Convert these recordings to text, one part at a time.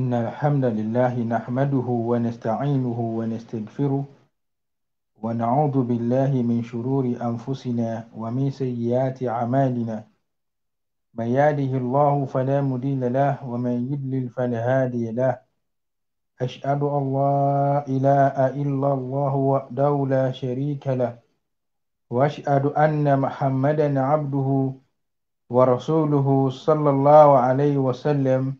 إن الحمد لله نحمده ونستعينه ونستغفره ونعوذ بالله من شرور أنفسنا ومن سيئات أعمالنا من يهده الله فلا مضل له ومن يضلل فلا هادي له أشهد أن لا إله إلا الله وحده لا شريك له وأشهد أن محمدا عبده ورسوله صلى الله عليه وسلم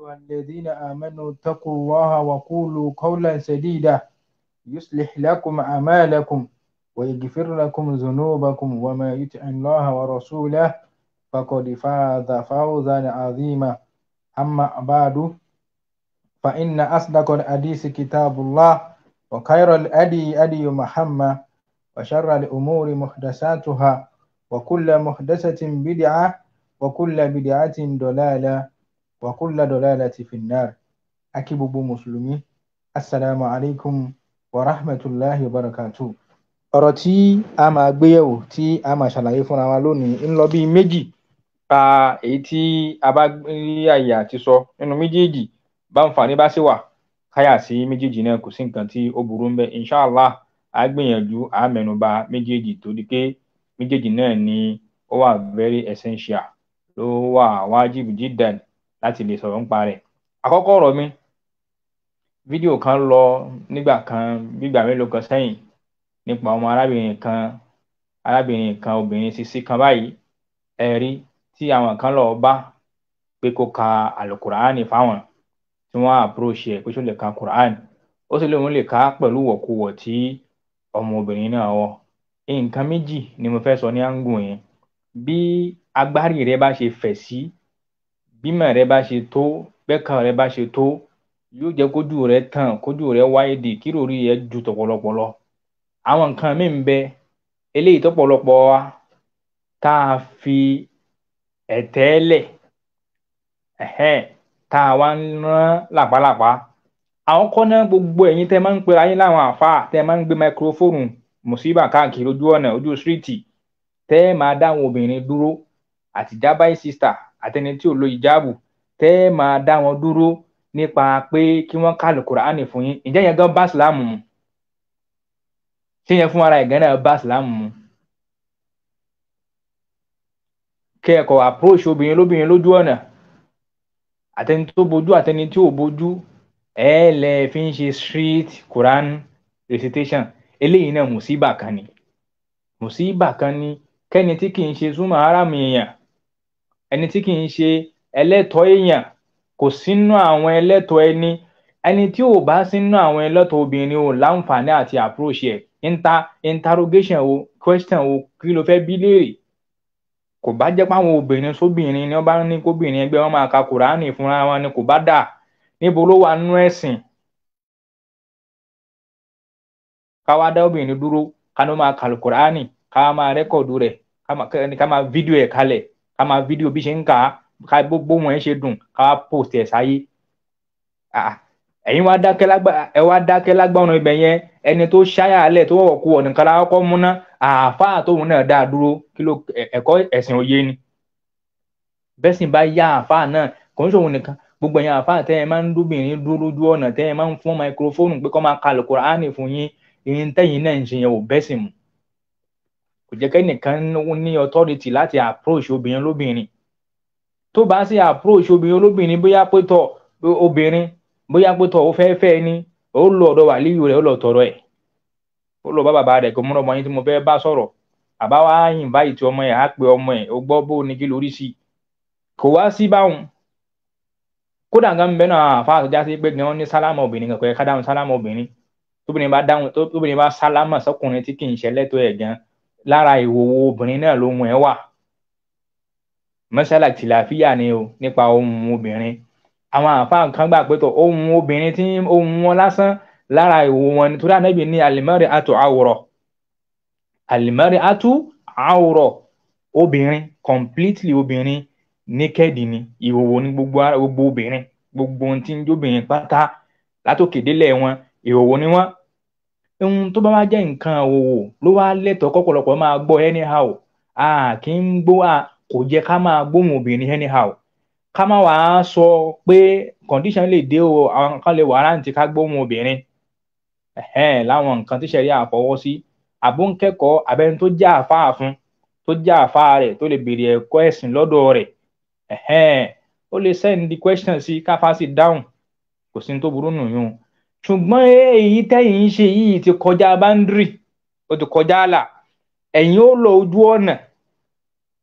أيها الذين آمنوا اتقوا الله وقولوا قولا سديدا يصلح لكم أعمالكم ويغفر لكم ذنوبكم وما يطع الله ورسوله فقد فاز فوزا عظيما أما بعد فإن أصدق الحديث كتاب الله وخير الأدي أدي محمد وشر الأمور محدثاتها وكل محدثة بدعة وكل بدعة ضلالة وكل kulla في النار nar مسلمي السلام عليكم ورحمة الله وبركاته rahmatulahi wa barakatuh ọ̀rọ̀ tí a máa gbéyẹ̀wò tí a máa ṣàlàyé fúnra wa lónìí ń lọ bíi méjì pa èyí tí a bá rí àyè àti sọ nínú méjèèjì bá ń fàní bá sì wà káyà sí méjèèjì náà kò sí nǹkan tí ó burú ń bẹ inshàlá a gbìyànjú a mẹ́nubà méjèèjì torí pé méjèèjì náà ni ó wà very essential ló wà wájibu jiddan láti lè sọ̀rọ̀ nípa rẹ̀ àkọ́kọ́ ọ̀rọ̀ mi fídíò kan lọ nígbà kan gbígbà mélòó kan sẹ́yìn nípa ọmọ arábìnrin kan arábìnrin kan obìnrin sisi kan báyìí ẹ̀rí tí àwọn kan lọ bá pé kó ka alukuraani fáwọn tí wọ́n approach ẹ̀ pé ṣó lè ka kuraani ó sì lóun lè ka pẹ̀lú wọ̀kuwọ̀ tí ọmọbìnrin náà wọ̀ nǹkan méjì ni mo fẹ́ sọ ní àǹgùn yẹn bí agbárí rẹ bá ṣe fẹ̀ sí bímọ rẹ bá ṣe tó bẹ́kàn rẹ bá ṣe tó yóò jẹ́ kójú rẹ tàn kójú rẹ wáyé di kíròrí rẹ ju tọ̀pọ̀lọpọ̀ lọ àwọn nǹkan míì ń bẹ eléyìí tọ̀pọ̀lọpọ̀ wa tá a fi ẹ̀tẹ́ lẹ̀ tá a wá ń rán làpálàpá àwọn kọ́nà gbogbo ẹ̀yin tẹ́ máa ń pera yín láwọn àfáà tẹ́ máa ń gbé máikrófóònù mùsíbà káàkiri ojú ọ̀nà ojú síríìtì tẹ́ máa dáhùn obìnrin dúró àti jábáyé àtẹni tí ò lo ìjáàbù tẹ́ ẹ máa dá wọn dúró nípa pé kí wọ́n ká Al-Kùránì fún yín ǹjẹ́ yẹn gan bá ìsìláàmù mu ṣé yẹn fún ara ẹ̀ gan bá ìsìláàmù mu. kẹ́ ẹ̀kọ́ approach obìnrin lóbìnrin lójú ọ̀nà àtẹni tó bojú àtẹni tí ò bojú ẹ lẹ fi ń ṣe street Quran recitation eléyìí náà mùsíbà kan ni mùsíbà kan ni kẹ́ni tí kì í ṣe súnmọ́ aráàmù èèyàn ẹni tí kì í ṣe ẹlẹ́tọ̀ọ́ èèyàn kò sínú àwọn ẹlẹ́tọ̀ọ́ ẹni ẹni tí ò bá sínú àwọn ẹlẹ́tọ̀ọ́ obìnrin ò láǹfààní àti approach ẹ̀ inter interrogation wo question wo kí ló fẹ́ bí léèrè kò bá jẹ́ páwọn obìnrin sóbìnrin ni wọ́n bá ní kóbìnrin ẹgbẹ́ wọn máa ka kùránì fúnra wọn ni kò bá dà níbo ló wà nínú ẹ̀sìn káwá dá obìnrin dúró ká ló máa ka kùránì ká máa rẹ́kọ̀dù rẹ̀ ká máa fídíò ẹ̀ kalẹ̀ ká máa fídíò bí ṣe ń kà á ká gbogbo wọn ṣe dùn ká wá post ẹ̀ sáyé ẹ̀yin wá dákẹ́ lágbà ẹ wá dákẹ́ lágbà ọ̀nà ibẹ̀ yẹn ẹni tó ṣáyà alẹ̀ tó wọ̀ kú ọ̀nà kan lákọ́ múná àáfàá tóun náà dáa dúró kí ẹ̀kọ́ ẹ̀sìn òye ni bẹ́sìn bá yá àáfàá náà kò ń ṣòwò nìkan gbogbo ẹ̀yin àáfàá tẹ́ ẹ máa ń dúbìnrin dúró lójú ọ̀nà tẹ́ ẹ máa ń fún mu kò jẹ́ kẹ́nìkan ní authority láti approach obìnrin lóbìnrin tó bá sì approach obìnrin olóbìnrin bóyá pé tọ obìnrin bóyá pé tọ ó fẹ́ fẹ́ ni ó lọ ọ̀dọ̀ wàlíyù rẹ̀ ó lọ tọrọ ẹ̀ ó lọ bá bàbá rẹ̀ kó múra ọmọ yín tí mo fẹ́ bá sọ̀rọ̀ àbá wa yìn báyìí tí ọmọ ẹ̀ á pe ọmọ ẹ̀ ó gbọ́ bó ní kí lórí sí i kò wá sí báwọn kódà gan bẹ́ẹ̀ náà àfa àtọ́já sí pé gan ní sálámà obìnrin kankan ẹ̀ ká dáhùn sálámà obìnrin tóbìnrin bá dáhùn tóbìnrin bá sálámà sọkùnrin tí kì í ṣẹlẹ́tọ̀ ẹ̀ gan-an lára ìwòwò obìnrin náà lóhun ẹ̀ wà mọ́sálà tìlàfíà ni o nípa ohun obìnrin àwọn àǹfààní kan gbà pé tó ohun obìnrin tí ohun wọn lásán lára ìwò wọn ni torí ànábì ní alimari atu awurọ alimari atu awurọ obìnrin completely obìnrin naked ni ìwòwò ni gbogbo gbogbo obìnrin gbogbo ohun tí ń jóbìnrin pátá látòkè délẹ̀ wọn ìwòwò ni wọn ohun tó bá wá jẹ́ nǹkan òwò ló wá lẹ́tọ̀ọ́ kọ́pọ̀lọpọ̀ máa gbọ́ anyhow a kì í gbó a kò jẹ́ ká máa gbóhùn obìnrin anyhow ká má wàá sọ pé condition lè dé o àwọn kan lè wàrántì ká gbóhùn obìnrin láwọn nǹkan tí sẹ́rí àfọwọ́ sí àbó abẹ́ni tó jẹ́ àfáà fún tó jẹ́ àfáà rẹ̀ tó lè béèrè ẹ̀kọ́ ẹ̀sìn lọ́dọ̀ rẹ̀ ó lè send the question sí káfá sí dáhùn kò sí ní tó burú nù yún un ṣùgbọ́n èyí tẹ́yìn ń ṣe yìí ti kọjá báńdírì ó ti kọjá àlà ẹ̀yin ó lọ ojú ọ̀nà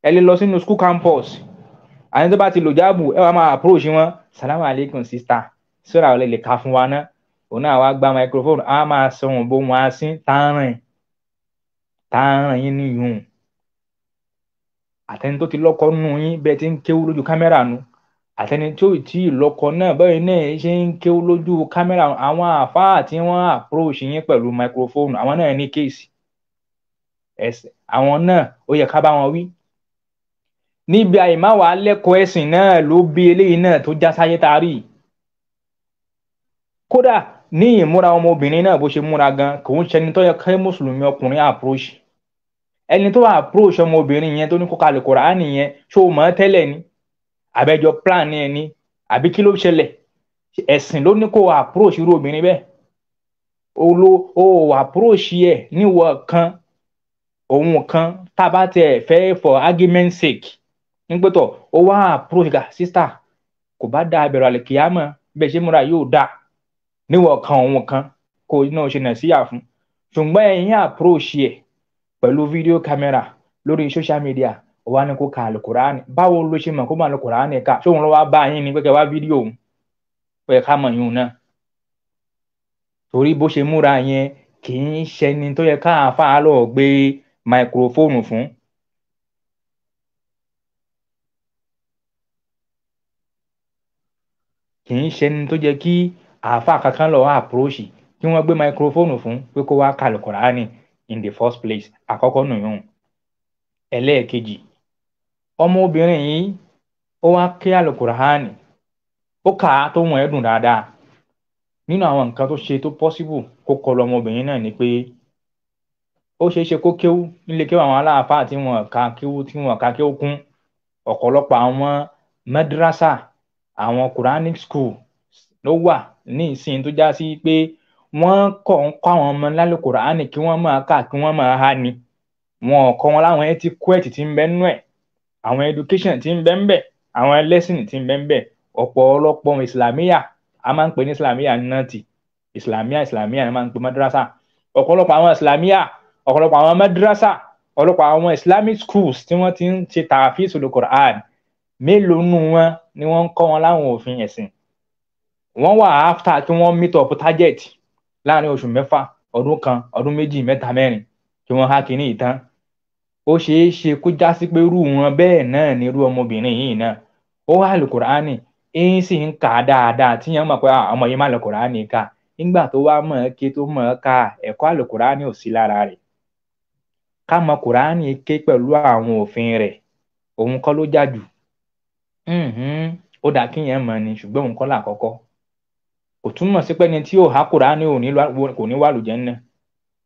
ẹ lè lọ sínú school campus àní tó bá ti lò jáàbù ẹ wàá máa approach wọn salamu alaikum sista sọ́ra ọ̀lẹ́ lè ka fún wa ná òun náà wàá gba microphone á máa sọ̀rọ̀ bó wọn á sín tààràn tààràn yín níyùn àtẹni tó ti lọ́kọ́ nù yín bẹ́ẹ̀ ti ń kéwú lójú kámẹ́rà nu àtẹni tí ò tí ì lọ́kọ náà bẹ́ẹ̀ náà ṣe ń ké lójú kámẹ́rà àwọn àfáà tí wọ́n approach yín pẹ̀lú microphone àwọn náà ní kéèsì ẹ̀sìn àwọn náà ó yẹ ká bá wọn wí. níbi àìmáwá lẹ́kọ̀ọ́ ẹ̀sìn náà ló bí eléyìí náà tó já sáyé tarí. kódà ní ìmúra ọmọbìnrin náà bó ṣe múra gan kò ń ṣẹni tó yẹ ká mùsùlùmí ọkùnrin approach ẹni tó approach ọmọbìnrin yẹn tó ní kó kalẹ̀ Kùránì yẹn ṣó mọ̀ tẹ́lẹ̀ ni àbẹjọ plan ní ẹni àbí kí ló ṣẹlẹ̀ ẹ̀sìn ló ní kó approach irú obìnrin bẹ́ẹ̀ o lo o approach ẹ níwọ kan òun kan tá a bá tiẹ̀ fẹ́ for argument sake nígbàtọ̀ ó wá approach ga sísá kò bá da abẹ̀rù àlìkìyàmọ̀ bẹ́ẹ̀ ṣe múra yóò dáa níwọ kan òun kan kò náà ṣe nà síyà fún ṣùgbọ́n ẹ̀yin approach ẹ̀ pẹ̀lú video camera. lórí social media ó wá ní kó ka alukurani báwo ló ṣe mọ̀ kó mọ alukurani ká ṣóun lọ wá bá yín ní pẹkẹ wá fídíò òun pẹ ká mọ yún náà torí bó ṣe múra yẹn kì í ṣẹni tó yẹ ká àáfàá lọ gbé máikrófóònù fún. kì í ṣẹni tó yẹ kí àáfàá kankan lọ àpòròṣì kí wọ́n gbé máikrófóònù fún pé kó wá ka alukurani in the first place àkọ́kọ́ nìyẹn ẹlẹ́ẹ̀kejì ọmọbìnrin yìí ó wá ké alukurahani ó kà á tó wọn ẹ dùn dáadáa nínú àwọn nǹkan tó ṣe tó pọ́síbù kó kọlu ọmọbìnrin náà ni pé ó ṣeé ṣe kó kéwú nílé kéwú àwọn aláàfáà tí wọn kà kéwú tí wọn kà kéwú kún ọ̀pọ̀lọpọ̀ àwọn madrasa àwọn quranic school ló wà ní ìsìn tó já sí pé wọ́n kọ́ ń kọ́ àwọn ọmọ lálẹ́ qurani kí wọ́n máa kà kí wọ́n máa há ni wọn ò wọn láwọn ẹ ti kú ẹ̀ títí ń bẹ́ẹ̀ nú ẹ̀ àwọn education tí ń bẹ ń bẹ àwọn lesson tí ń bẹ ń bẹ ọ̀pọ̀lọpọ̀ islamiyah a máa ń pè ní islamiyah nọ́ọ̀tì islamiyah islamiyah ni a máa ń pè madrasa ọ̀pọ̀lọpọ̀ àwọn islamiyah ọ̀pọ̀lọpọ̀ àwọn madrasa ọ̀pọ̀lọpọ̀ àwọn islamic schools tí wọ́n ti ń ṣe tààfíìsì lu quran mélòó nù wọn ni wọ́n ń kọ́ wọn láwọn òfin ẹ̀sìn wọ́n wà áfta kí wọ́n meet up target láàrin oṣù mẹ́fà ọdún kan ọdún méjì mẹ́ta mẹ́rin kí wọ́n há kínní ìtàn ó ṣeé ṣe kó já sí pé irú wọn bẹ́ẹ̀ náà ni irú ọmọbìnrin yìí náà ó wà lùkùránì ń sì ń kà á dáadáa tíyẹn mọ̀ pé ah, ọmọ yìí má lùkùránì kà nígbà tó wá mọ̀ ké tó mọ̀ ká ẹ̀kọ́ àlùkùránì ò sí lára rẹ̀ ká mọ̀ kùránì ké pẹ̀lú àwọn òfin rẹ̀ òun kọ́ ló jà jù ó dà kíyẹn mọ̀ ni ṣùgbọ́n òun kọ́ làkọ́kọ́ kò túmọ̀ sí pé ẹni tí ò há kùránì ò ní wà lùjẹ́ náà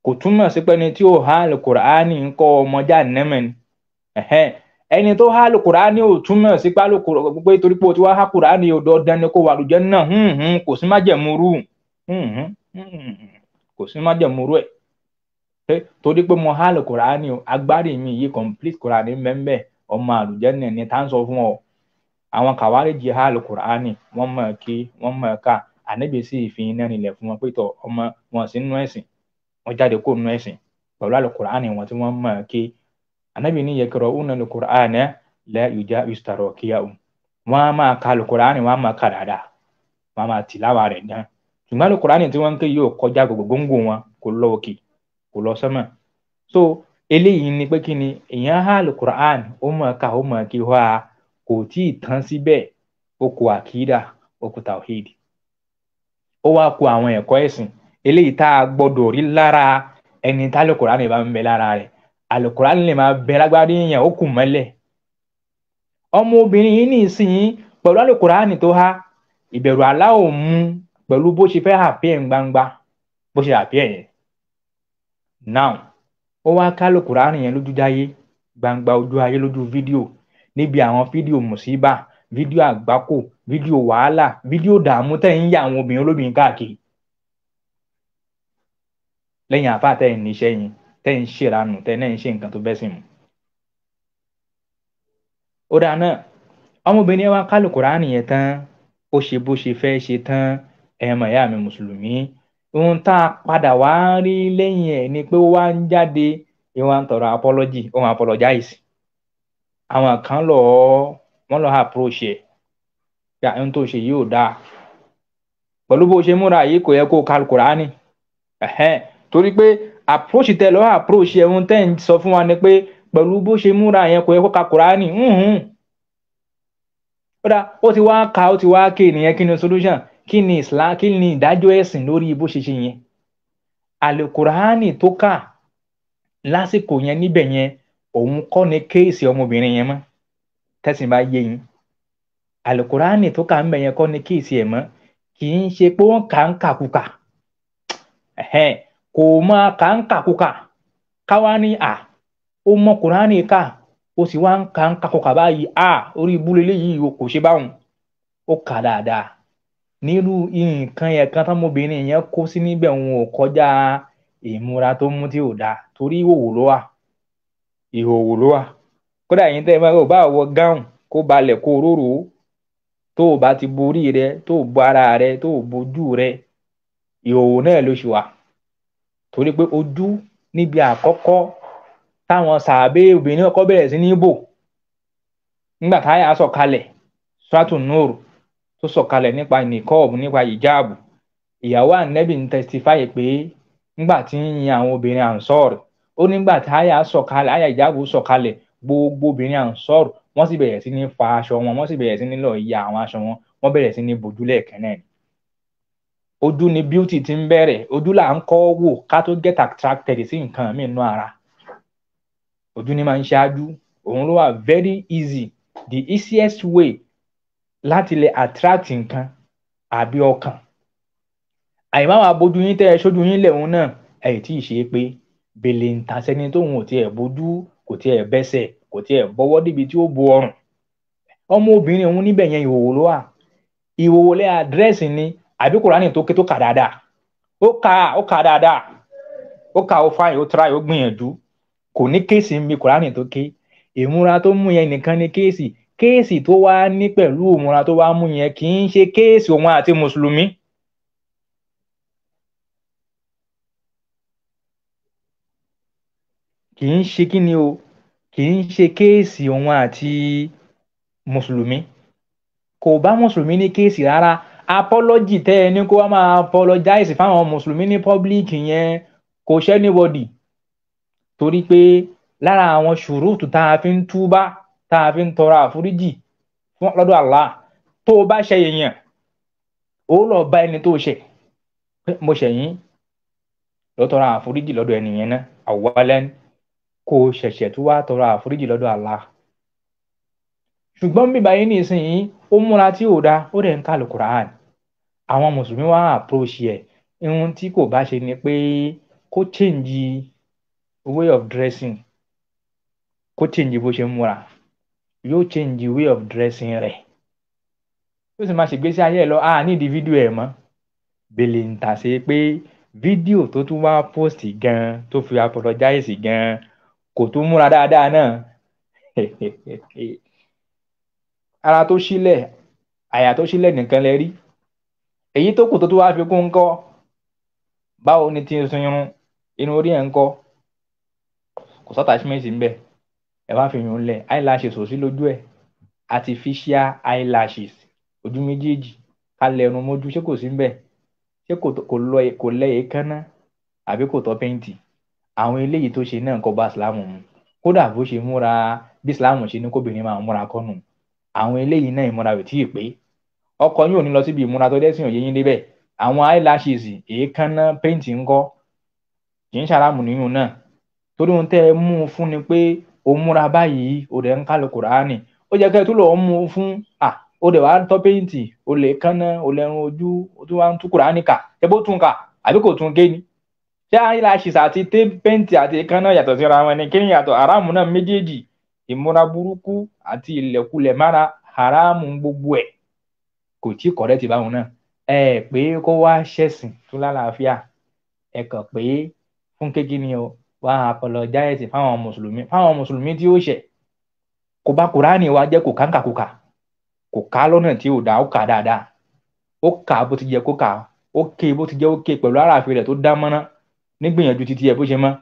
kò túmọ̀ sí pé ẹni tí ò há alukur'ani ń kọ́ ọmọ jahannama ni ẹni tó há alukur'ani ò túmọ̀ sí pé pé torí pé o ti wá há kur'ani ò dandan ni kò wà lójẹ́ náà kò sí májẹ̀múrú kò sí májẹ̀múrú ẹ̀ torí pé mo há lè kùránì o agbárí mi yìí complete kùránì mẹ́mẹ́ ọmọ àlùjẹ́nì ni tá à ń sọ fún ọ àwọn kàwárí jí há lè wọ́n mọ̀ kí wọ́n mọ̀ ká ànábì sì fi nílẹ̀ fún wọn pé tọ ọmọ wọn sí nínú ẹ̀sìn wọ́n jáde kó nínú ẹ̀sìn pẹ̀lú alukur'ani wọn tí wọ́n ma ké anabi ní yẹkẹrọ una alukur'ani la yuja yustarọ kíá o wọ́n á máa ka alukur'ani wọ́n máa ka dada wọ́n máa tì láwa rẹ̀ dán ṣùgbọ́n alukur'ani tí wọ́n ké yóò kọjá so eléyìí ni pé kí ni èèyàn há alukur'ani ó mọ̀ ká ó mọ̀ kí wá kò tí ì tán síbẹ̀ ó kó àkídà ó kó eléyìí tá a gbọ́dọ̀ rí lára ẹni tá alukurani bá ń bẹ lára rẹ̀ alukurani lè máa bẹ lágbárí yẹn ó kù mọ́lẹ̀ ọmọbìnrin yìí ní ìsinyìí pẹ̀lú alukurani tó há ìbẹ̀rù aláwọ̀ mú bó ṣe gbangba bó ṣe yẹn now ó wá ká yẹn lójú dáyé gbangba ojú ayé lójú fídíò níbi àwọn fídíò mùsíbà fídíò àgbákò fídíò wàhálà fídíò dààmú tẹ̀ ń yà àwọn obìnrin olóbìnrin lẹ́yìn àfa àtẹ̀yìn níṣẹ́ yín ṣe nǹkan tó bẹ́ sí mu. ó dáa náà ọmọbìnrin wa kálù kùránì yẹn tán ó ṣe bó ṣe fẹ́ ṣe tán ẹ̀mọ̀ ìyá mi mùsùlùmí ohun tá a padà wá rí lẹ́yìn ẹ̀ ni pé ó wá ń jáde àwọn kan lọ wọn lọ approach ẹ pé àwọn tó ṣe yìí ò dáa pẹ̀lú bó ṣe múra yìí torí pé approach tẹlọ lọ approach ẹ̀hún tẹ́ ń sọ fún wa ni pé pẹ̀lú bó ṣe múra yẹn kò yẹ kó ka kùránì kódà ó ti wá ka ó ti wá ké nìyẹn kí ni solution kí ni islam kí ni ìdájọ́ ẹ̀sìn lórí bó ṣe ṣe yẹn àlùkùránì tó kà lásìkò yẹn níbẹ̀ yẹn òun kọ́ ni kéèsì ọmọbìnrin yẹn mọ́ tẹ́sìn bá yé yín àlùkùránì tó kà ń bẹ̀ yẹn kọ́ ni kéèsì ẹ̀ mọ́ kì í ṣe pé wọ́n kà ń kàkùkà kò máa kà ń kàkùkà káwá ní à ó mọ kùránì kà ó sì wá ń kà ń kàkùkà báyìí à orí ibúlé léyìí o kò ṣe báwọn ó kà dáadáa nírú nǹkan yẹn kan tọmọbìnrin yẹn kó sí níbẹ̀ òun ò kọjá ìmúra tó mú tí ò dáa torí ìhòòhò ló wà ìhòòhò ló wà kódà yìí tẹ́ ẹ máa ń bá wọ gáùn kó balẹ̀ kó róró tó o bá ti borí rẹ tó o bo ara rẹ tó o bojú rẹ ìhòòhò náà ló ṣe wà torí pé ojú níbi àkọ́kọ́ táwọn sàábé obìnrin ọkọ bẹ̀rẹ̀ sí ní bò nígbà táyà sọ̀kalẹ̀ sùràtù nùrù tó sọ̀kalẹ̀ nípa nìkọ́ọ̀bù nípa ìjáàbù ìyàwó ànẹ́bì ń tẹsítífáyè pé nígbà tí ń yin àwọn obìnrin ànsọ́ọ̀rù ó nígbà táyà sọ̀kalẹ̀ àyà ìjáàbù gbogbo obìnrin wọ́n sì bẹ̀rẹ̀ sí ní fa aṣọ wọn wọ́n sì bẹ̀rẹ̀ sí ní àwọn wọn wọ́n bẹ̀rẹ̀ sí ní ojú ni beauty ti ń bẹ̀rẹ̀ ojú là ń kọ́ wò ká tó get attracted sí nǹkan míì nú ara ojú ni máa ń ṣáájú òun ló wà very easy the easiest way láti lè attract nǹkan àbí ọkàn àyìnbá wa bójú yín tẹ́ ẹ sójú yín lẹ́hún náà ẹ̀ tí ì ṣe é pé bèlè ń ta sẹ́ni tóun ò tiẹ̀ bójú kò tiẹ̀ bẹ́sẹ̀ kò tiẹ̀ bọ́wọ́ débi tí ó bo ọrùn ọmọ obìnrin òun níbẹ̀ yẹn ìhòòhò ló wà ìhòòhò lẹ́ àdírẹ́sì ni àbí kùránì tó ké tó kà dáadáa ó kà ó kà dáadáa ó kà ó fáyìn ó tíráyìn ó gbìyànjú kò ní kéèsì ń bi kùránì tó ké ìmúra tó mú yẹn nìkan ni kéèsì kéèsì tó wá ní pẹ̀lú ìmúra tó wá mú yẹn kì í ṣe kéèsì òun àti mùsùlùmí. kì í ṣe kí ni o kì í ṣe kéèsì òun àti mùsùlùmí kò bá mùsùlùmí ní kéèsì rárá apology tẹ́ ẹ ní kó wá máa apologize fáwọn mùsùlùmí ní public yẹn kò ṣe anybody torí pé lára àwọn ṣùrùtù tá a fi ń túbá tá a fi ń tọrọ àforíjì lọ́dọ̀ Allah tó o bá ṣe èèyàn ó lọ bá ẹni tó ṣe mo ṣẹ̀yìn lọ tọrọ àforíjì lọ́dọ̀ ẹnìyẹn náà àwọlẹ́ni kò ṣẹ̀ṣẹ̀ tó wá tọrọ àforíjì lọ́dọ̀ Allah ṣùgbọ́n bíbá yín nìsín yìí ó múra tí ò da ó dẹ̀ ń ka alukur'an àwọn mùsùlùmí wá approach ẹ̀ ohun tí kò bá ṣe ni pé kó change way of dressing kó change bó ṣe ń múra yóò change way of dressing rẹ̀ yóò sì máa ṣègbésí ayé ẹ̀ lọ a nídìí fídíò ẹ̀ mọ́ bèlè ń tà sí pé fídíò tó tún wá post gan tó fi apologize gan kò tún múra dáadáa náà. ara tó sílẹ̀ àyà tó sílẹ̀ nìkan lẹ rí èyí tó kù tó tó wáá fi kún ńkọ́ báwo ni ti sun irun irun orí ẹ̀ ńkọ́ kò sọ attachment ńbẹ ẹ bá fi irun lẹ̀ eyelashes ò sí lójú ẹ̀ artificial eyelashes ojú méjèèjì kalẹ̀ ẹnu mọ́jú ṣé kò sí ńbẹ ṣé kò lẹ èékánná àbí kò tọ́ pẹ́ǹtì àwọn eléyìí tó ṣe náà kò bá islam mu kódà bó ṣe múra bí islam ṣe ní kóbìnrin máa múra kọ́nù àwọn eléyìí náà ìmúra rẹ̀ tí ì pé ọkọ yín ò ní lọ síbi ìmúra tó dẹ́sìn òye yín débẹ̀ àwọn eyelashes èékánná paint ńkọ́ kì í ṣàràmù nínú náà torí ohun tẹ́ ẹ mú un fún ni pé o múra báyìí o dẹ̀ ń kálu kùránì ó jẹ́ kẹ́ ẹ tó lọ́ọ́ mú un fún à o dẹ̀ wá ń tọ́ paint o lè kánná o lè run ojú o tún wá ń tú kùránì kà ẹ bó tún kà àbí kò tún gé ni ṣé eyelashes àti paint àti èékánná yàtọ̀ síra wọn ni kí ni yàtọ̀ ìmúra burúkú àti ìlẹ̀kulẹ̀ mára haramu gbogbo ẹ̀ kò tí kọ̀rẹ́ ti báwọn náà ẹ pé kó wá ṣẹ̀sìn tún lálàáfíà ẹ kàn pé fún kékeré o wá apologize fáwọn mùsùlùmí fáwọn mùsùlùmí tí ó ṣẹ̀ kò bá kuraani wa jẹ́ kò káńkàkùkà kò ká lọ́nà tí ò dá ó kà dáadáa ó kà bó ti yẹ kó kà ó ké bó ti jẹ́ ó ké pẹ̀lú aráàfin rẹ̀ tó dá mọ́ná nígbìyànjú títí ẹ bó ṣe mọ́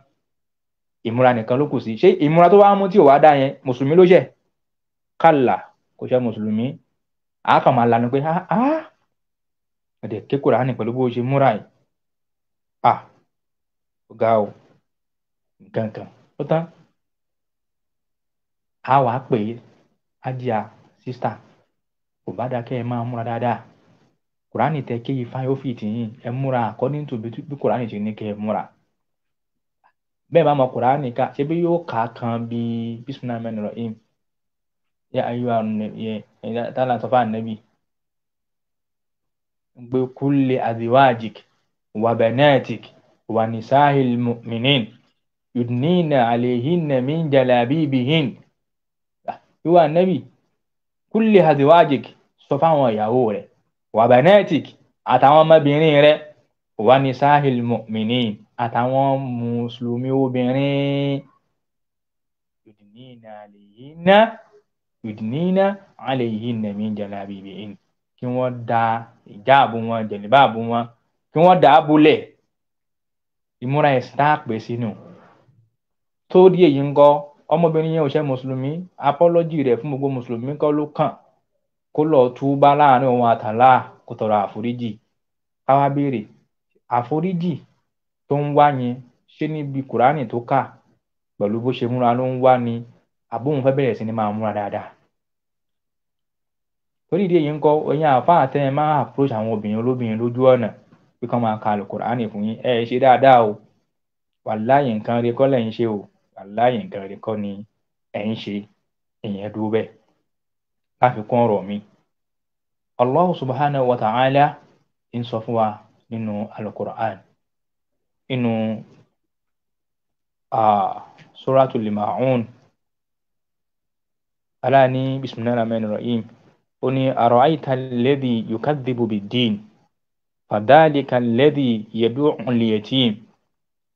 ìmúra nìkan ló kù sí ṣé ìmúra tó wá mú tí ò wá dá yẹn mùsùlùmí ló yẹ kàlà kò ṣe mùsùlùmí àá kàn máa lanu pé ah ah ẹ̀dẹ̀ ké Kùránì pẹ̀lú bó ṣe múra yìí ah ọ̀gá o gangan ó tán a wàá pè é ájíà sísítà kò bá dákẹ́ ẹ máa múra dáadáa Kùránì tẹ kéyìí fáyọ́fì tìyìn ẹ múra according to bí Kùránì ṣe ní kẹ́ ẹ múra bẹ́ẹ̀ bá mọ kùránì ká ṣé bí yóò kà á kan bí bisimilahi mẹ́rin rọ̀ im yẹ ayé wa yẹ ẹ̀dá tálà sọ fún ànábì gbé kulli aziwajik wa banatik wa nisahil mu'minin yudnina alayhinna min jalabibihin yóò wá ànábì kulli aziwajik sọ fáwọn ìyàwó rẹ̀ wa banatik àtàwọn ọmọbìnrin rẹ̀ wa nisahil mu'minin àtàwọn mùsùlùmí obìnrin yudinina aleyhinna yudinina aleyhinna min jalabibihin kí wọ́n da ìjáàbù wọn jẹ̀lẹ́bàbù wọn kí wọ́n dà á bolẹ̀ ìmúra ẹ̀sìn tá a pè sínú tó di èyí ń kọ́ ọmọbìnrin yẹn ò ṣe mùsùlùmí apọ́lọ́jì rẹ̀ fún gbogbo mùsùlùmí kọ́ ló kàn kó lọ́ọ́ túbá láàrin òun àtàlà kó tọrọ àforíjì káwá béèrè àforíjì tó ń wá yẹn ṣé níbi kùránì tó kà pẹ̀lú bó ṣe múra ló ń wá ni àbóhun fẹ́ bẹ̀rẹ̀ sí ni máa múra dáadáa torí ìdí èyí ń kọ́ ẹ̀yin àáfàá tẹ́ ẹ máa approach àwọn obìnrin olóbìnrin lójú ọ̀nà pé kán máa ka alukur'ani fún yín ẹ ṣe dáadáa o wàláyé nǹkan rẹ kọ́ lẹ́yìn ṣe o wàláyé nǹkan rẹ kọ́ ni ẹ̀ ń ṣe ìyẹn dúró bẹ́ẹ̀ láfikún ọ̀rọ̀ mi Allahu subhanahu wa ta'ala ń sọ fún wa nínú alukur'ani انه آه سورة الماعون ألاني بسم الله الرحمن الرحيم أني أرأيت الذي يكذب بالدين فذلك الذي يدعو اليتيم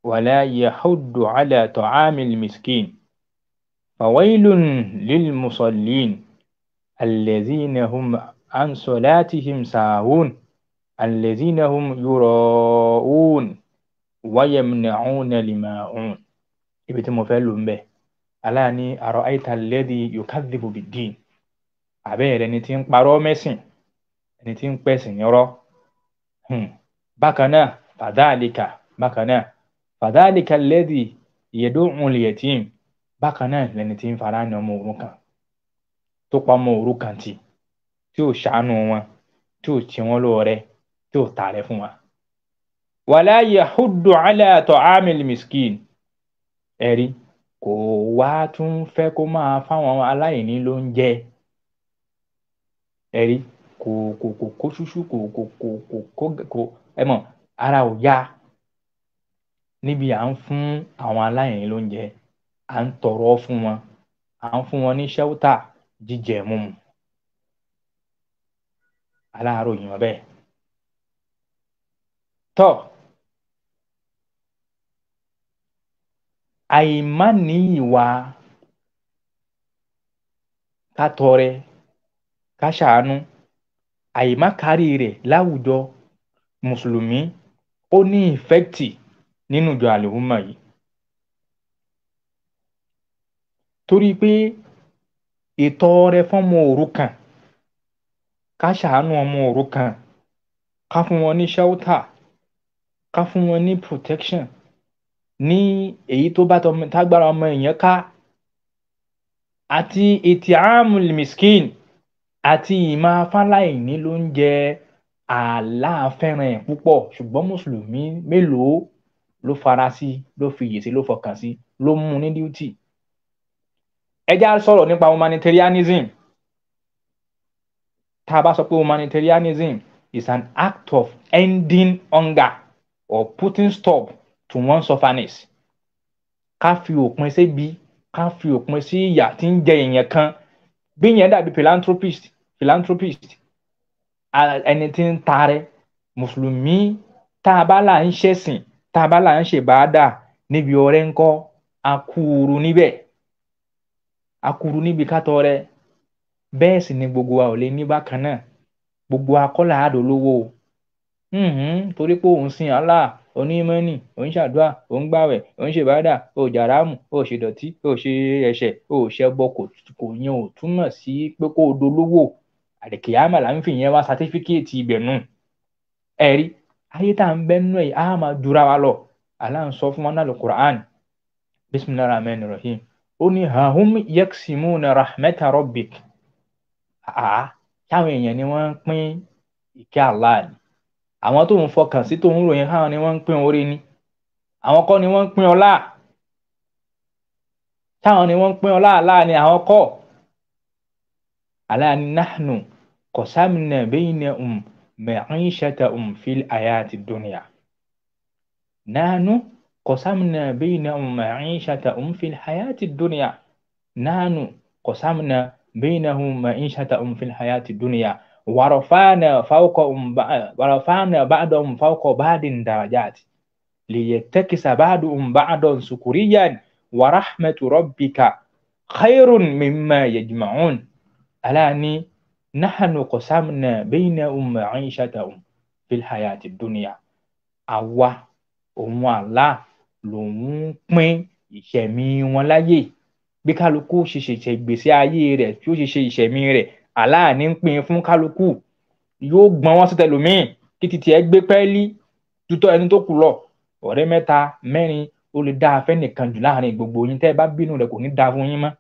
ولا يحض على طعام المسكين فويل للمصلين الذين هم عن صلاتهم ساهون الذين هم يراؤون wayamnauna limaun ibi tí mo fẹ́ lò ń bẹ̀ aláàní àrò àìta lẹ́dí yukadhibu bidin àbẹ́ẹ̀ rẹ ni tí ń parọ́ mẹ́sìn ẹni tí ń pẹ̀sìn yọrọ́ hmm. bákan náà fàdáàlìkà bákan náà fàdáàlìkà lẹ́dí yad'u liyatim bákan náà lẹni tí ń fara ní ọmọ òrukàn tó pa ọmọ òrukàn tì tí ò ṣàánú wọn tí ò tì wọn lóore tí ò tààrẹ fún wọn. wàlá yahudu ala ta'amil miskin ẹ̀rí kò wá tún fẹ́ kó máa fáwọn aláìní ló ń jẹ ẹ̀rí kò kò kò kó ṣúṣú kò kò kò kò kò ẹ ara ò yá níbi à ń fún àwọn aláìní ló ń jẹ à àìmáàní ìwà ká tọrẹ ká ṣàánú àìmáàkárí rẹ̀ láwùjọ mùsùlùmí ó ní ìfẹ́ẹ̀tì nínú ìjọ àlùhùmà yìí torí pé ìtọrẹ fọ́mọ òrukàn ká ṣàánú ọmọ òrukàn ká fún wọn ní shelter ká fún wọn ní protection ní èyí tó bá tágbára ọmọ èèyàn ká àti ìtìámùl miskin àti ìmọ̀ afáláìní ló ń jẹ àláfẹ́ràn ẹ̀ púpọ̀ ṣùgbọ́n mùsùlùmí mélòó ló fara sí ló fi yèsí ló fọkàn sí ló mú un ní díútì ẹjá sọ̀rọ̀ nípa humanitarianism tá a bá sọ pé humanitarianism is an act of ending hunger or putting stop to one's orphanage ká fi òpin sébi ká fi òpin sí ìyà tí ń jẹ èèyàn kan bí yẹn dàbí philanthropist philanthropist ẹni tí ń tarẹ mùsùlùmí tá a bá là ń ṣẹ̀sìn tá a bá là ń ṣèbáàdà níbi ọrẹ́ ńkọ́ akúuru níbẹ̀ akúuru níbi kátọrẹ bẹ́ẹ̀ sì ni gbogbo wa ò lè ní bákan náà gbogbo akọ́là àdó lówó torí pé òun sìn Allah onímọ́nì oníṣàdúrà onígbàwẹ̀ oníṣèbádà òjàrámù òṣèdọ̀tí òṣè ẹ̀ṣẹ̀ òṣèbọ kò yẹn ò túmọ̀ sí pé kó o dolówó àdìkìyàmà là ń fi yẹn wá sátífíkẹ́ẹ̀tì ibẹ̀ nù ẹ̀rí ayé tá à ń bẹ́ nù ẹ̀ á máa dura wa lọ Allah ń sọ fún wa náà lọ Qur'an bisimilahi rahman rahim ó ní hahum yaksimuna rahmata rabbik àá táwọn èèyàn ni wọ́n pín ìkẹ́ Allah ni àwọn tó ń fọkàn sí tó ń ròyìn hàn ni wọ́n ń pín oore ni àwọn kọ́ ni wọ́n ń pín ọlá táwọn ni wọ́n ń pín ọlá àlá ni àwọn kọ́ àlá ni nahnu qasamna baynahum ma'ishatahum fil hayati dunya nahnu qasamna baynahum ma'ishatahum fil hayati dunya nahnu qasamna baynahum ma'ishatahum fil hayati dunya. ورفعنا فوقهم ورفعنا بعضهم فوق بعض درجات ليتكس بعضهم بعضا سكريا ورحمة ربك خير مما يجمعون ألا ني نحن قسمنا بينهم معيشتهم في الحياة الدنيا àwa òun àlá lòun ń pín ìṣẹ̀mí wọn láyè bí kálukú ṣe ṣe ìgbésí ayé rẹ̀ tí ó ṣe ṣe ìṣẹ̀mí rẹ̀ Allah ní ń pín fún kálukú yóò gbọ́n wọ́n sí tẹlòmíì kí titi ẹ gbé pẹ́ẹ́lí tutọ́ ẹni tó kù lọ ọ̀rẹ́ mẹ́ta mẹ́rin ó lè dá afẹ́ nìkan jù láàrin gbogbo yín tẹ́ bá bínú rẹ̀ kò ní da fún yín mọ́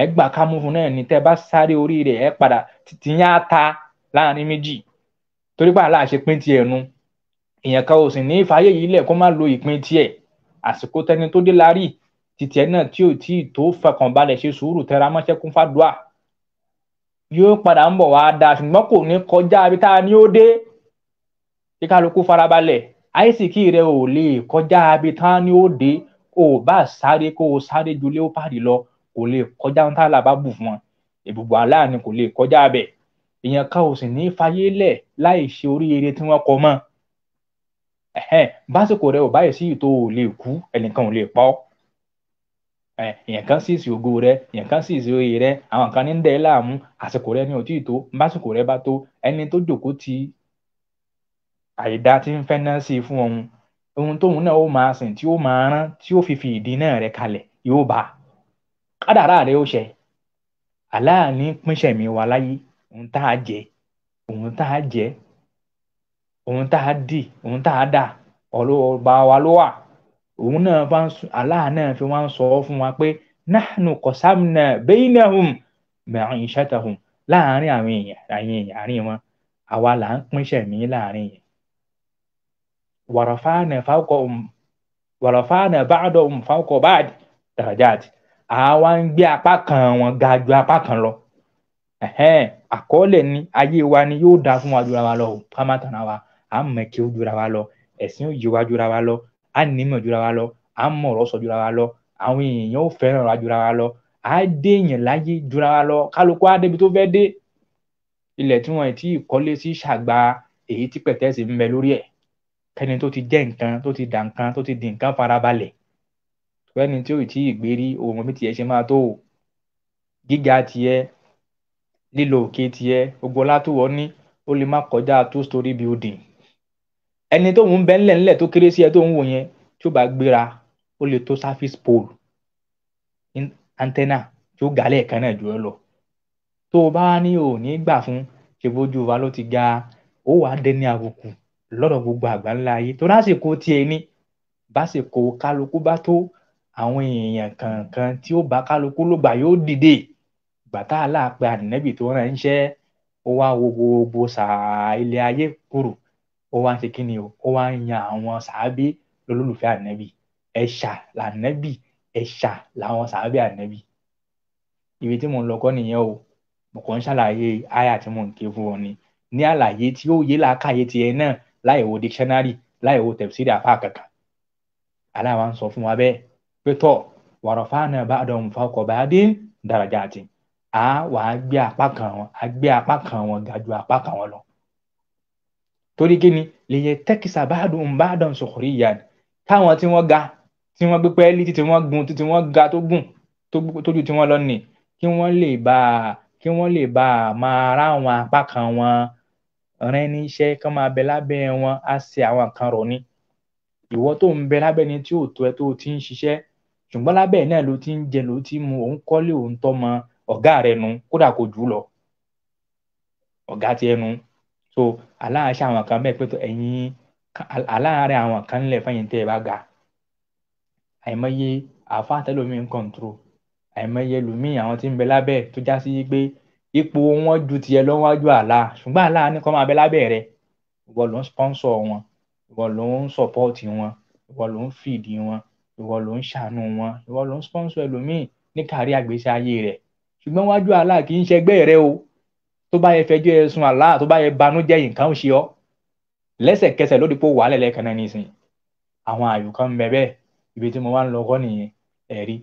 ẹ gbà ká mú fún náà ni tẹ́ bá sáré orí rẹ̀ ẹ padà títí yá ta láàrin méjì torí pé Allah ṣe pín tiẹ̀ nu èèyàn kan ò sì ní ìfàyè yìí lẹ̀ kó má lo ìpín tiẹ̀ àsìkò tẹni tó dé lárí tìtìẹ náà tí ò tí ì tó fọkànbalẹ̀ ṣe sùúrù tẹra mọ́ṣẹ́ kún yóò padà ń bọ̀ wá da ṣùgbọ́n kò ní kọjá ibi tá a ní ó dé kí kálukú farabalẹ̀ àìsíkì rẹ ò lè kọjá ibi tá a ní ó dé kó o bá sáré kó o sáré ju léopard lọ kò lè kọjá ohun tá a là bá bù fún ọ ìbùbù aláàánú kò lè kọjá abẹ èèyàn kan ò sì ní fayé lẹ̀ láì ṣe oríire tí wọ́n kọ mọ́ básìkò rẹ ò báyìí sí ìtò ò lè kú ẹnìkan ò lè pa ọ́ èèyàn kan sì sí ògo rẹ èèyàn kan sì sí oyè rẹ àwọn kan ní ń dẹ láàmú rẹ ni ò tí ì rẹ bá tó ẹni tó jòkó ti àìdá tí ń fẹ́ fún ọhún. ohun tóun náà ó máa sìn tí ó máa rán tí ó fi fi ìdí náà rẹ kalẹ̀ yóò bá kádàrá rẹ ó ṣẹ aláàní mi wà láyé ohun tá a jẹ ohun tá a jẹ ohun tá a dì ohun tá a òun náà bá ń Allah náà fi wọ́n sọ fún wa pé nahnu qasamna bainahum ma'ishatahum láàárín àwọn èèyàn àyìn èèyàn àárín wọn àwa là ń pínṣẹ̀ mí láàárín yẹn. warafa'na fawqahum warafa'na ba'dahum fawqa ba'd darajat àwa ń gbé apá kan wọn ga ju apá kan lọ àkọọ́lẹ̀ ni ayé wa ni yóò dáa fún wa jura wa lọ ká má tàn ra wa àmọ́ kí ó jura wa lọ ẹ̀sìn ò yí wa jura wa lọ á nímọ̀ jura wa lọ à ń mọ̀rọ̀ sọ jura wa lọ àwọn èèyàn ò fẹ́ràn ra jura wa lọ à á dé èèyàn láyé jura wa lọ kálukú á débi tó fẹ́ dé ilẹ̀ tí wọ́n ti kọ́lé sí ṣàgbà èyí tí pẹ̀tẹ́sì ń bẹ lórí ẹ̀ kẹ́ni tó ti jẹ́ nǹkan tó ti dà nǹkan tó ti di nǹkan farabalẹ̀ fẹ́ni tí ò tí ì gbérí òun bí tiẹ̀ ṣe máa tó o gíga tiẹ̀ lílo òkè tiẹ̀ gbogbo ọlá tó wọ́n ní ó lè má kọjá two story building ẹni tó ń bẹ ńlẹ̀ ńlẹ̀ tó kéré sí ẹ tó ń wò yẹn tí ó bá gbéra ó lè tó surface pole antenna tí ó ga lẹ́ẹ̀kan náà jù ẹ lọ tó o bá ní o ní gbà fún ṣèbójú wa ló ti ga ó wàá dẹni àbùkù lọ́dọ̀ gbogbo àgbáńlá ayé tó lásìkò tiẹ̀ ní básìkò kálukú bá tó àwọn èèyàn kankan tí ó bá kálukú ló gbà yóò dìde gbàtà aláàpẹ ànínẹ́bì tó ránṣẹ́ ó wá wo gbogbo sàá ilé ayé kúrò ó wá ń ṣe kí ni o ó wá ń yan àwọn sàábé lólùfẹ́ ànẹ́bì ẹ̀ṣà lànẹ́bì ẹ̀ṣà làwọn sàábé ànẹ́bì ibi tí mò ń lọ kọ́ nìyẹn o mo kàn ń ṣàlàyé àyà tí mò ń ké fún ọ ni ní àlàyé tí ó yé làákàyè tiẹ̀ náà láì wo dictionary láì wo tẹ̀síìdì àfa kankan aláwa ń sọ fún wa bẹ́ẹ̀ pé tọ́ wàrọ̀fà náà bá dọ̀ nfa ọkọ̀ bá dé dàrájà àti à wàá gbé apá kan wọn á gbé apá kan wọn ga apá kan wọn lọ torí kíni lèyẹ tẹkisa báàdùn báàdùn sọkùnrin ìyá ni káwọn tí wọ́n ga tí wọ́n gbé pẹ́ẹ́lí títí wọ́n gun títí wọ́n ga tó gùn tójú tí wọ́n lọ nì kí wọ́n lè bá a kí wọ́n lè bá a máa rá àwọn apá kan wọn rẹ níṣẹ́ kán máa bẹ lábẹ́ wọn á ṣe àwọn kan rọ̀ ni ìwọ tó ń bẹ lábẹ́ ni tí ò tó ẹ tó ti ń ṣiṣẹ́ ṣùgbọ́n lábẹ́ náà ló ti ń jẹ ló ti mu òun kọ́lé òun tọ́ mọ ọ̀gá rẹ nu kódà kò jù lọ ọ̀gá tiẹ̀ nu so aláà ṣe àwọn kan bẹ́ẹ̀ pé ẹ̀yin aláàárẹ̀ àwọn kan lẹ̀ fẹ́yìn tẹ́ ẹ bá ga àìmọye àfáàtẹ́ lomi ń àìmọye lomi àwọn tí ń bẹ lábẹ́ tó já sí pé ipò wọn ju tiẹ̀ lọ́wọ́jú àlá ṣùgbọ́n àlá ní kọ́ máa bẹ lábẹ́ rẹ ìwọ ló ń sponsor wọn ìwọ ló ń support wọn ìwọ ló ń feed wọn ìwọ ló ń ṣàánú wọn ìwọ ló ń sponsor ẹlòmíì ní kárí àgbésí rẹ ṣùgbọ́n wájú àlá kì í ṣẹgbẹ́ rẹ o tó bá yẹ fẹjọ́ ẹ sun àlá tó bá yẹ banújẹ́ nǹkan ò ṣe ọ́ lẹ́sẹ̀kẹsẹ̀ ló di pé wàhálà ẹlẹ́kan náà nìsín àwọn àyù kan ń bẹ bẹ́ẹ̀ ibi tí mo wá ń lọ kọ́ nìyẹn ẹ̀rí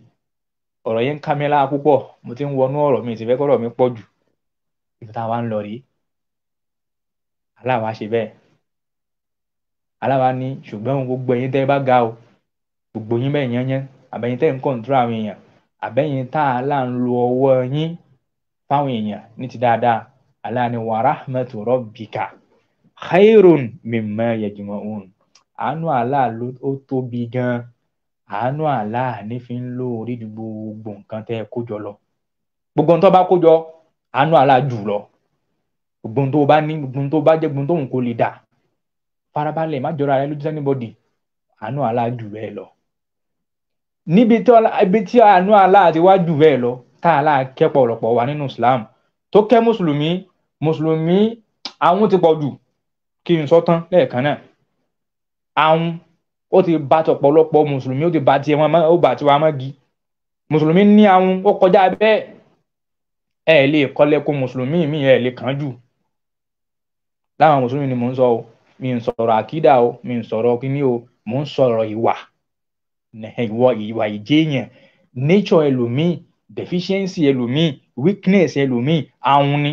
ọ̀rọ̀ yẹn ń ká mi lára púpọ̀ mo ti ń wọnú ọ̀rọ̀ mi ti fẹ́ kọ́rọ̀ mi pọ̀ jù ibi tá a wá ń lọ rèé aláwa ṣe bẹ́ẹ̀ aláwa ní ṣùgbọ́n gbogbo ẹ̀yin tẹ́ bá ga o gbogbo yín bẹ́ẹ̀ yányán àbẹ̀yin tẹ́ ń kọ̀ǹtúrò àwọn èèyàn àbẹ̀yin tá a là ń lo ọwọ́ yín fáwọn èèyàn ní ti dáadáa aláàánú wa rahmatu rabbika khairun mimma yajma'un àánú Allah ló ó tóbi gan àánú Allah nífi ń lò orí gbogbo nǹkan tẹ́ ẹ kójọ lọ gbogbo nǹkan tó bá kójọ àánú Allah jù lọ gbogbo nǹkan tó bá gbogbo nǹkan tó bá gbogbo nǹkan tó ń kó lè dà jọra rẹ lójú sẹ́ni bọ́dì àánú Allah jù bẹ́ẹ̀ lọ níbi tí ibi tí àánú Allah wá jù bẹ́ẹ̀ lọ tá a lá kẹ́pọ̀ ọ̀pọ̀lọpọ̀ wa nínú Islam tó kẹ́ mùsùlùmí mùsùlùmí àwọn ti pọ̀ jù kí n sọ tán lẹ́ẹ̀kan náà àwọn ó ti bá tọ̀pọ̀lọpọ̀ mùsùlùmí ó ti bá tiẹ̀ wọn ó bá tiwa mọ́gi mùsùlùmí ní àwọn ó kọjá bẹ́ẹ̀ ẹ lè kọ́lẹ́kùn mùsùlùmí mi ẹ lè kàn jù láwọn mùsùlùmí ni mò ń sọ o mi ń sọ̀rọ̀ àkídà o mi ń sọ̀rọ̀ kíní o mò ń sọ̀rọ̀ ìwà ìwà ìjẹyàn nature ẹlòmíì deficiency ẹlòmíì weakness ẹlòmíì àwọn ni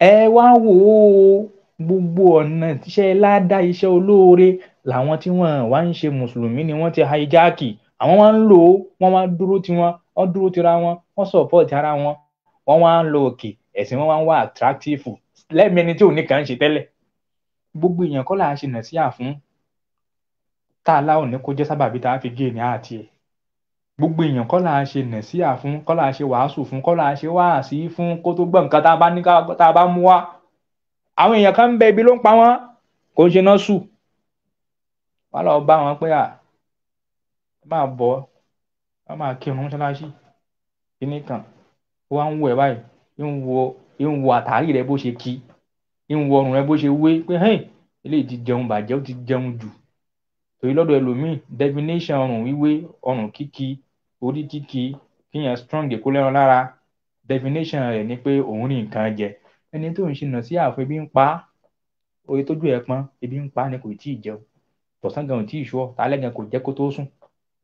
ẹ wá wò ó gbogbo ọ̀nà iṣẹ́ ládá iṣẹ́ olóore làwọn tí wọ́n wá ń ṣe mùsùlùmí ni wọ́n ti hijackì àwọn wá ń lò ó wọ́n wá dúró tiwọn wọ́n dúró tira wọn wọ́n support ara wọn wọ́n wá ń lo òkè ẹ̀sìn wọn wá ń wá attractive lẹ́mìí ẹni tí ò ní kàn ń ṣe tẹ́lẹ̀ gbogbo èèyàn kọ́ là á ṣe nà sí àfún tá a láwọn ní kó jẹ́ sábàbí tá a fi gé ní àti gbogbo èèyàn kọ́ la ṣe nàṣíà fún kọ́ la ṣe wàásù fún kọ́ la ṣe wáàsí fún kó tó gbọ́ nǹkan tá a bá ní tá a bá mú wá àwọn èèyàn kan ń bẹ ibi ló ń pa wọ́n kò ń ṣe náà sù wọ́n lọ bá wọn pé à máa bọ̀ ọ́ máa kírun mọ́ṣáláṣí kíní kan wọ́n á ń wo ẹ̀ báyìí ń wo ń wo àtàrí rẹ bó ṣe kí ń wo ọrùn rẹ bó ṣe wé pé hẹ́n eléyìí ti jẹun bàjẹ́ ó ti jẹun jù torí lọ́dọ̀ ẹlòmíì definition ọrùn wíwé ọrùn kíkí orí kíkì kíyàn strong kó lẹ́ran lára definition rẹ̀ ni pé òun rí nǹkan jẹ ẹni tó ń ṣìnà sí ààfin ebi ń pa á oye tójú ẹ̀ pọ́n ebi ń pa á ni kò tí ì jẹun tọ̀sán gan ò tí ì ṣọ́ alẹ́ gan kò jẹ́ kó tó sùn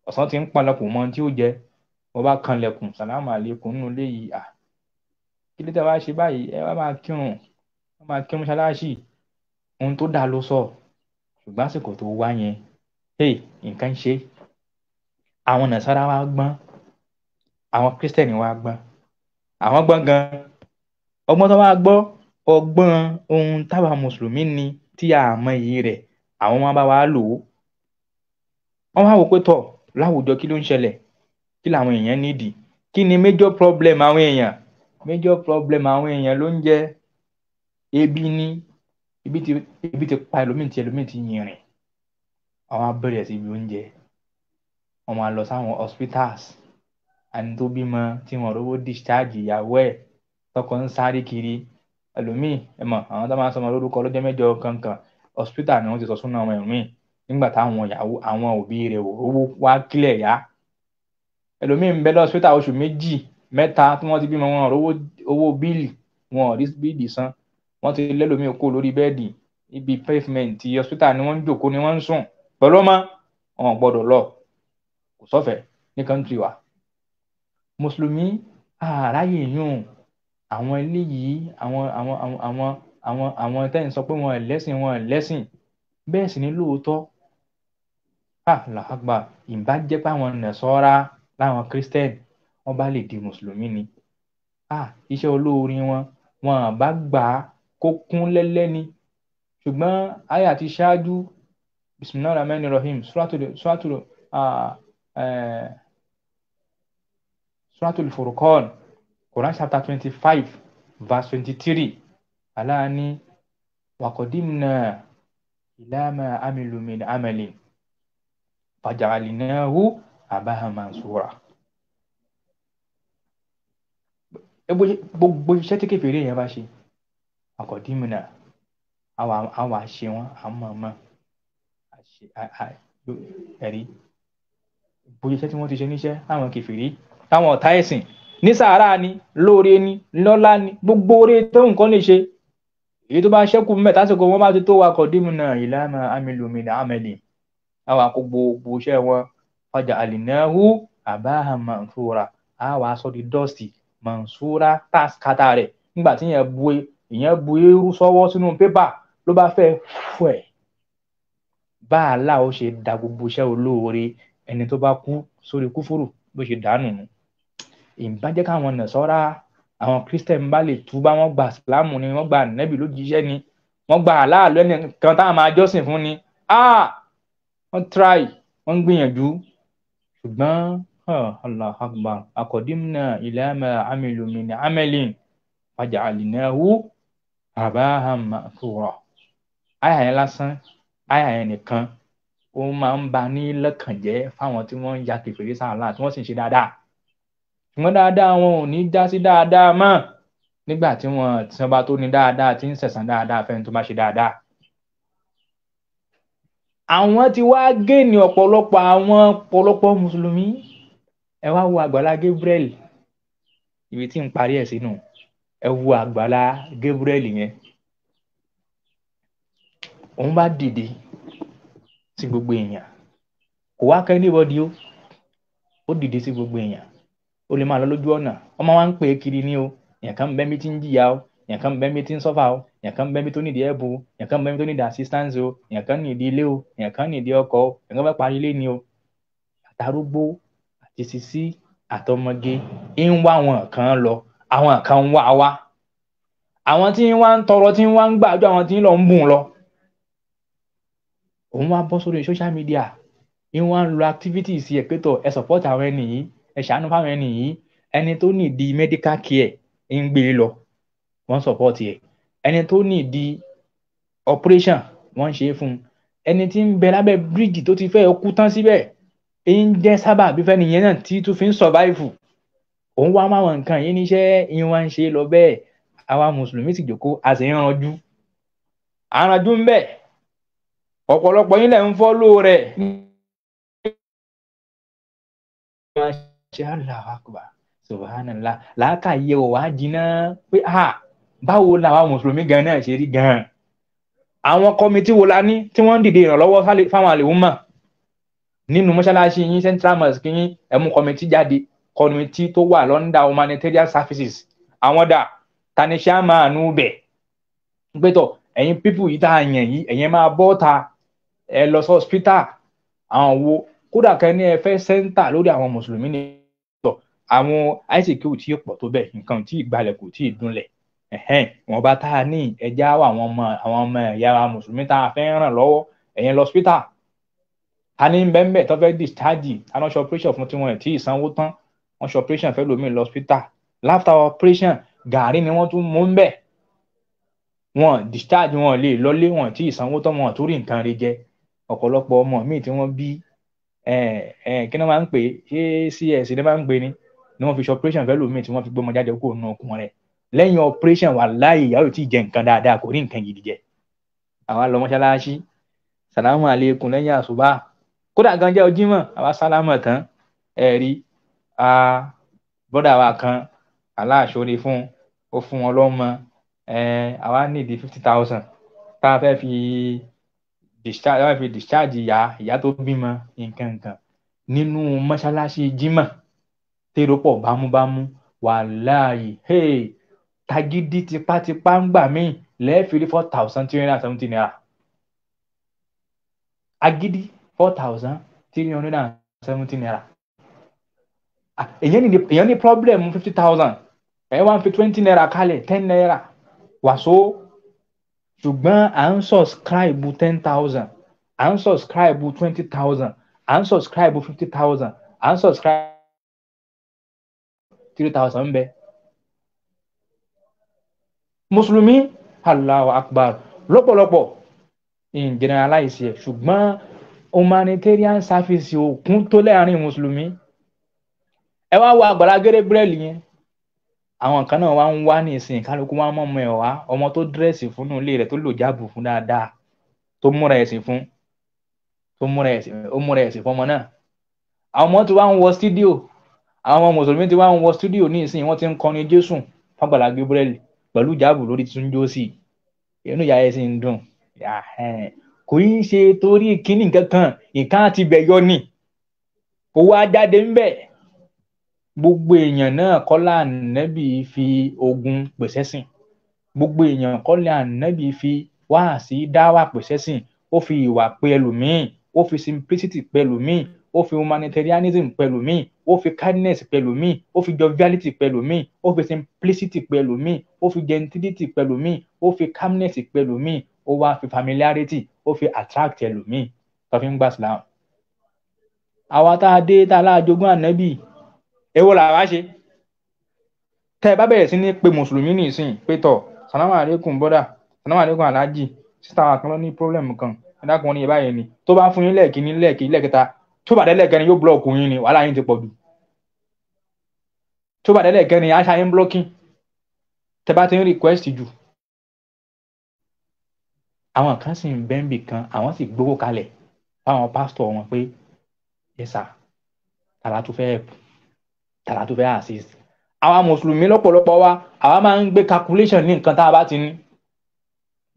ọ̀sán ti ń palẹ̀kùn mọ́ tí ó jẹ mo bá kanlẹ̀kùn sàlámù àlékún nínú ilé yìí à kí ló dé wá ṣe báyìí ẹ wá máa kírun wá máa kírun ṣáláṣì ohun tó dáa ló sọ ṣùgbọ́n àsìkò tó wá yẹn hey nǹkan ṣe é àwọn nàṣàrà wa gbọ́n àwọn kírísítẹ̀nì wa gbọ́n àwọn gbọ́n gan ọgbọ́n tó wá gbọ́ ọgbọ́n ohun táwa mùsùlùmí ni tí a mọ iyì rẹ̀ àwọn máa bá wa lò ó wọ́n wá wò pé tọ̀ láwùjọ kí ló ń ṣẹlẹ̀ kí làwọn èèyàn nídìí kí ni major problem àwọn èèyàn major problem àwọn èèyàn ló ń jẹ́ ebi ní ebi ti ebi ti pa ẹlòmíì ti ẹlòmíì ti yìnrìn àwọn abẹ́rẹ́ sí ibi oúnjẹ wọ́n máa lọ sáwọn hospitals àni tó bímọ tí wọ́n rówó discharge ìyàwó ẹ̀ tọkọ ń sáré kiri ẹlòmíì ẹ mọ̀ àwọn tó máa ń sọmọ lórúkọ lọ́jọ́ mẹ́jọ kankan hospital ni wọ́n ti sọ súnà àwọn ẹ̀mí nígbà táwọn ìyàwó àwọn òbí rẹ̀ ò rówó wá kílẹ̀ yá ẹlòmíì ń bẹ lọ hospital oṣù méjì mẹ́ta tí wọ́n ti bímọ wọn rówó owó bíìlì wọn ò rí bíìlì san wọ́n ti lẹ́lòmíì kó lórí bẹ́ẹ̀dì ibi pavement ti hospital ni wọ́n ń jòkó ni wọ́n ń sùn pẹ̀lú ọmọ wọn gbọ́dọ̀ lọ kò sọ́fẹ̀ẹ́ ní country wa mùsùlùmí àráyè yún àwọn eléyìí àwọn àwọn àwọn àwọn àwọn àwọn tẹ́ ń sọ pé wọ́n lẹ́sìn wọ́n lẹ́sìn bẹ́ẹ̀ sì ni lóòótọ́ àlàgbà ìbá jẹ́ pé àwọn nẹ̀sọ́ra láwọn christian wọ́n bá lè di mùsùlùmí ni iṣẹ́ olóore wọn wọn bá gbà á kó kún lẹ́lẹ́ ni ṣùgbọ́n àyà ti ṣáájú bisimilahi rahman rahim suratul suratul ah, uh, suratul furqan quran chapter twenty five verse twenty three aláàánú wàkọ̀dìmnà ìlàmà amìlùmìn amẹ̀lẹ̀ fàjàlínáwó àbáhàmàṣúra. gbogbo iṣẹ́ tí kèfèrè yẹn bá ṣe àkọ̀dìmnà àwọn àṣẹ wọn àmọ́ ọmọ ẹ̀rí bóyá iṣẹ́ tí wọ́n ti ṣe níṣẹ́ láwọn kẹfìrí láwọn ọ̀tá ẹ̀sìn ní sàárà ni lóore ni lọ́lá ni gbogbo oore tó nǹkan lè ṣe èyí tó bá ṣẹ́kù mẹ́ta sọ̀kọ̀ wọ́n bá ti tó wakọ̀ dímúnà ìlànà amílùmínà amẹ́lì àwọn àkógbò gbòṣẹ́ wọn ọjà àlìnáhù àbáhà mansoura àwọn aṣọ di dọ́ọ̀sì mansoura tàṣkátà rẹ̀ nígbà tí èèyàn bu e, èèyàn bu eérú sọ́wọ́ sínú pépà ló bá fẹ́ fọ́ ẹ̀ bá a láò ṣe da gbogbo iṣẹ́ olóore ẹni tó bá kú sórí kúfúrù bó ṣe dànù nù ìbàjẹ́ káwọn nàṣọ́ra àwọn christian bá lè tú bá wọn gba sílámù ni wọn gba ànábì lójíṣẹ́ ni wọn gba aláàlú ẹni kan táwọn máa jọ́sìn fún ni ah try wọn gbìyànjú ṣùgbọ́n allah akbar akọdimna ilama amilu min amalin faja'alnahu abaha ma'thura àyà lásán àyà nìkan ó máa ń ba ní lọ́kànjẹ́ fáwọn tí wọ́n ń ya kẹfìrí sáàlà tí wọ́n sì ń ṣe dáadáa ṣùgbọ́n dáadáa wọn ò ní já sí dáadáa mọ́ nígbà tí wọn tí wọn bá tó ní dáadáa tí ń sẹ̀sán dáadáa fẹ́ni tó bá ṣe dáadáa. àwọn ti wá géènì ọ̀pọ̀lọpọ̀ àwọn ọ̀pọ̀lọpọ̀ mùsùlùmí ẹ wá wo àgbàlá Gabriel ibi tí ń parí ẹ̀ sínú ẹ wo àgbàlá Gabriel yẹn òun bá dìde sí gbogbo èèyàn kò wá kẹ́ anybody o ó dìde sí gbogbo èèyàn ó lè máa lọ lójú ọ̀nà ọmọ wa ń pè é kiri ní o èèyàn kan bẹ́ẹ̀ mi ti ń jìyà o èèyàn kan bẹ́ẹ̀ mi ti ń sọ́fà o èèyàn kan bẹ́ẹ̀ mi tó nídìí ẹ̀bù o èèyàn kan bẹ́ẹ̀ mi tó nídìí assistance o èèyàn kan nídìí ilé o èèyàn kan nídìí ọkọ o èèyàn kan bẹ́ẹ̀ parí ilé ni o àtàrúgbó àti sisi àtọmọge ń wá àwọn kan lọ àwọn kan ń wá wá àwọn tí ń wá ń tọrọ tí ń wá ń gbàjọ àwọn tí ń lọ ń bùn lọ òun wá bọ́ sórí social media ìwọ́n wá ń lo activities ẹ̀ pé tọ̀ ẹ support àwọn ẹni yìí ẹ ṣàánú fáwọn ẹni yìí ẹni tó ní ìdí medical care ń gbé e lọ wọ́n support ẹ̀ ẹni tó ní ìdí operation wọ́n ń ṣe é fún ẹni tí ń bẹ lábẹ́ bíríìjì tó ti fẹ́ kú tán síbẹ̀ ń jẹ́ sábà bí fẹ́ nìyẹn náà tí tún fi ń survive òun wá máwọn nǹkan yìí níṣẹ́ ìwọ̀n ń ṣe lọ bẹ́ẹ̀ àwa mùsùlùmí sì jòkó a sì ń ranjú ń bẹ́ẹ̀ ọ̀pọ̀lọpọ̀ yín lẹ̀ ń fọ́lò rẹ̀ Allahu Akbar subhanallah làákàyè ò wá jiná pé a báwo làwọn mùsùlùmí gan náà ṣe rí gan àwọn kọmitì wo la ní tí wọ́n ń dìde ìrànlọ́wọ́ fáwọn àlèwọ́ mọ̀ nínú mọ́ṣáláṣí yín central mosque yín ẹ̀mú kọmitì jáde kọmitì tó wà lọ́ndà humanitarian services àwọn dà tani ṣáà máa nú bẹ̀ pé ẹ̀yin pípù yìí tá a yàn yìí ẹ̀yin máa bọ́ ta ẹ lọ sí hospital àwọn wo kódà kan ní ẹ fẹ́ sẹ́ńtà lórí àwọn mùsùlùmí ní ìtọ̀ àwọn ICQ tí ì pọ̀ tó bẹ̀ nǹkan tí ì gbalẹ̀ kò tí ì dunlẹ̀ wọn bá tá a ní ẹja wà àwọn ọmọ àwọn ọmọ ìyá wa mùsùlùmí tá a fẹ́ ràn lọ́wọ́ ẹ̀yẹn lọ hospital a ní bẹ́ẹ̀ tó fẹ́ discharge àná ṣe operation fún tiwọn tí ì tán wọ́n ṣe operation fẹ́ lómi lọ hospital after operation gàárì ni wọ́n tún mú ń bẹ̀ wọn discharge wọn lè lọlé wọn tí ì tán wọn àtúrì nǹkan rí jẹ ọ̀pọ̀lọpọ̀ ọmọ míì tí wọ́n bí kí ni wọ́n máa ń pè é ṣé cs ni máa ń pè é ni ni wọ́n fi ṣe operation fẹ́ lómi tí wọ́n fi gbọ́mọ jáde kó nù ọkùn rẹ̀ lẹ́yìn operation wà láàyè ìyàwó tí ì jẹ nǹkan dáadáa kò rí nǹkan gidi jẹ àwa lọ mọ́ṣáláṣí sàlámù àlékún lẹ́yìn àṣùbà kódà gan jẹ́ ojímọ̀ àwa sálámù tán ẹ̀rí a bọ́dà wa kan aláàṣọre fún ó fún wọn lọ́mọ àwa nídìí fifty thousand tá a fẹ́ fi discharge wọ́n fi discharge ìyá ìyá tó bímọ nǹkan nǹkan nínú mọ́ṣáláṣí jimá tẹ́rọpọ̀ bámúbámú wàláàyè hey tagídí tipátipá ń gbà míì lẹ́ẹ̀fìrí four thousand three hundred and seventy naira agídí four thousand three hundred and seventy naira ah, èyàn ní èyàn ní problem fifty thousand ẹ̀yẹ́ wá ń fi twenty naira kalẹ̀ ten naira wàásù. So, ṣùgbọ́n à ń subscribe ten thousand à ń subscribe twenty thousand à ń subscribe fifty thousand à ń subscribe three thousand ń bẹ mùsùlùmí allahu akbar lọ́pọ̀lọpọ̀ in generalize yẹ ṣùgbọ́n humanitarian service òkun tó lẹ́yìn mùsùlùmí ẹ wá wo àgbàlá gẹ́rẹ́ bírẹ́lì yẹn àwọn kan náà wá ń wá ní ìsìn kálukú wá mọ́ ọmọ ẹ̀ wá ọmọ tó dírẹ́sì fún inú ilé rẹ̀ tó lò jáàbù fún dáadáa tó múra ẹ̀sìn fún tó múra ẹ̀sìn ó múra ẹ̀sìn fún ọmọ náà àwọn ọmọ ti wá ń wọ stúdíò àwọn ọmọ mùsùlùmí ti wá ń wọ stúdíò ní ìsìn wọ́n ti ń kọrin jésù fàgbàlá Gabriel pẹ̀lú jáàbù lórí túnjó sí inú ìyá ẹ̀sìn ń dùn kò í ṣe torí kíní kankan ìkan àti bẹ̀yọ ni kò wá jáde ń bẹ́ẹ̀ gbogbo èèyàn náà kọ́ la fi ogun pèsè sìn gbogbo èèyàn kọ́ la fi wáàsí dáwà pèsè sìn ó fi ìwà pe ó fi simplicity pe ẹlòmíì ó fi humanitarianism pe ẹlòmíì ó fi kindness pe ẹlòmíì ó fi joviality pe ẹlòmíì ó fi simplicity pe ẹlòmíì ó fi gentility pe ẹlòmíì ó fi calmness pe ó wá fi familiarity ó fi attract ẹlòmíì tó fi ń gbà sílámù àwa tá a dé tá a lájogún ànábì ẹ wo làwa ṣe tẹ ẹ bá bẹ̀rẹ̀ sí ní pé mùsùlùmí nìsín pé tọ̀ sàlámù àlékún bọ́dà sàlámù àlékún aláàjì sísá kan ló ní pírọ́blẹ̀mù kan ẹ̀dákun wọn ní ìbáyẹn ni tó bá ń fún yín lẹ́ẹ̀kíní lẹ́ẹ̀kí lẹ́ẹ̀kẹta tó bàdé lẹ́ẹ̀kẹrin yóò blọọkù yín ni wàhálà yín ti pọ̀ jù tó bàdé lẹ́ẹ̀kẹrin aṣa yín blọ́kìn tẹ bá ti ń request jù àwọn kan sì ń bẹ́ńbì kan àwọn sì gbowó kalẹ̀ fáwọn pásítọ̀ wọn pé yẹ́sà tàlà tó fẹ́ ẹ̀pù tààrà tó fẹ́ assist àwa mùsùlùmí lọ́pọ̀lọpọ̀ wa àwa máa ń gbé calculation ní nǹkan tá a bá ti ní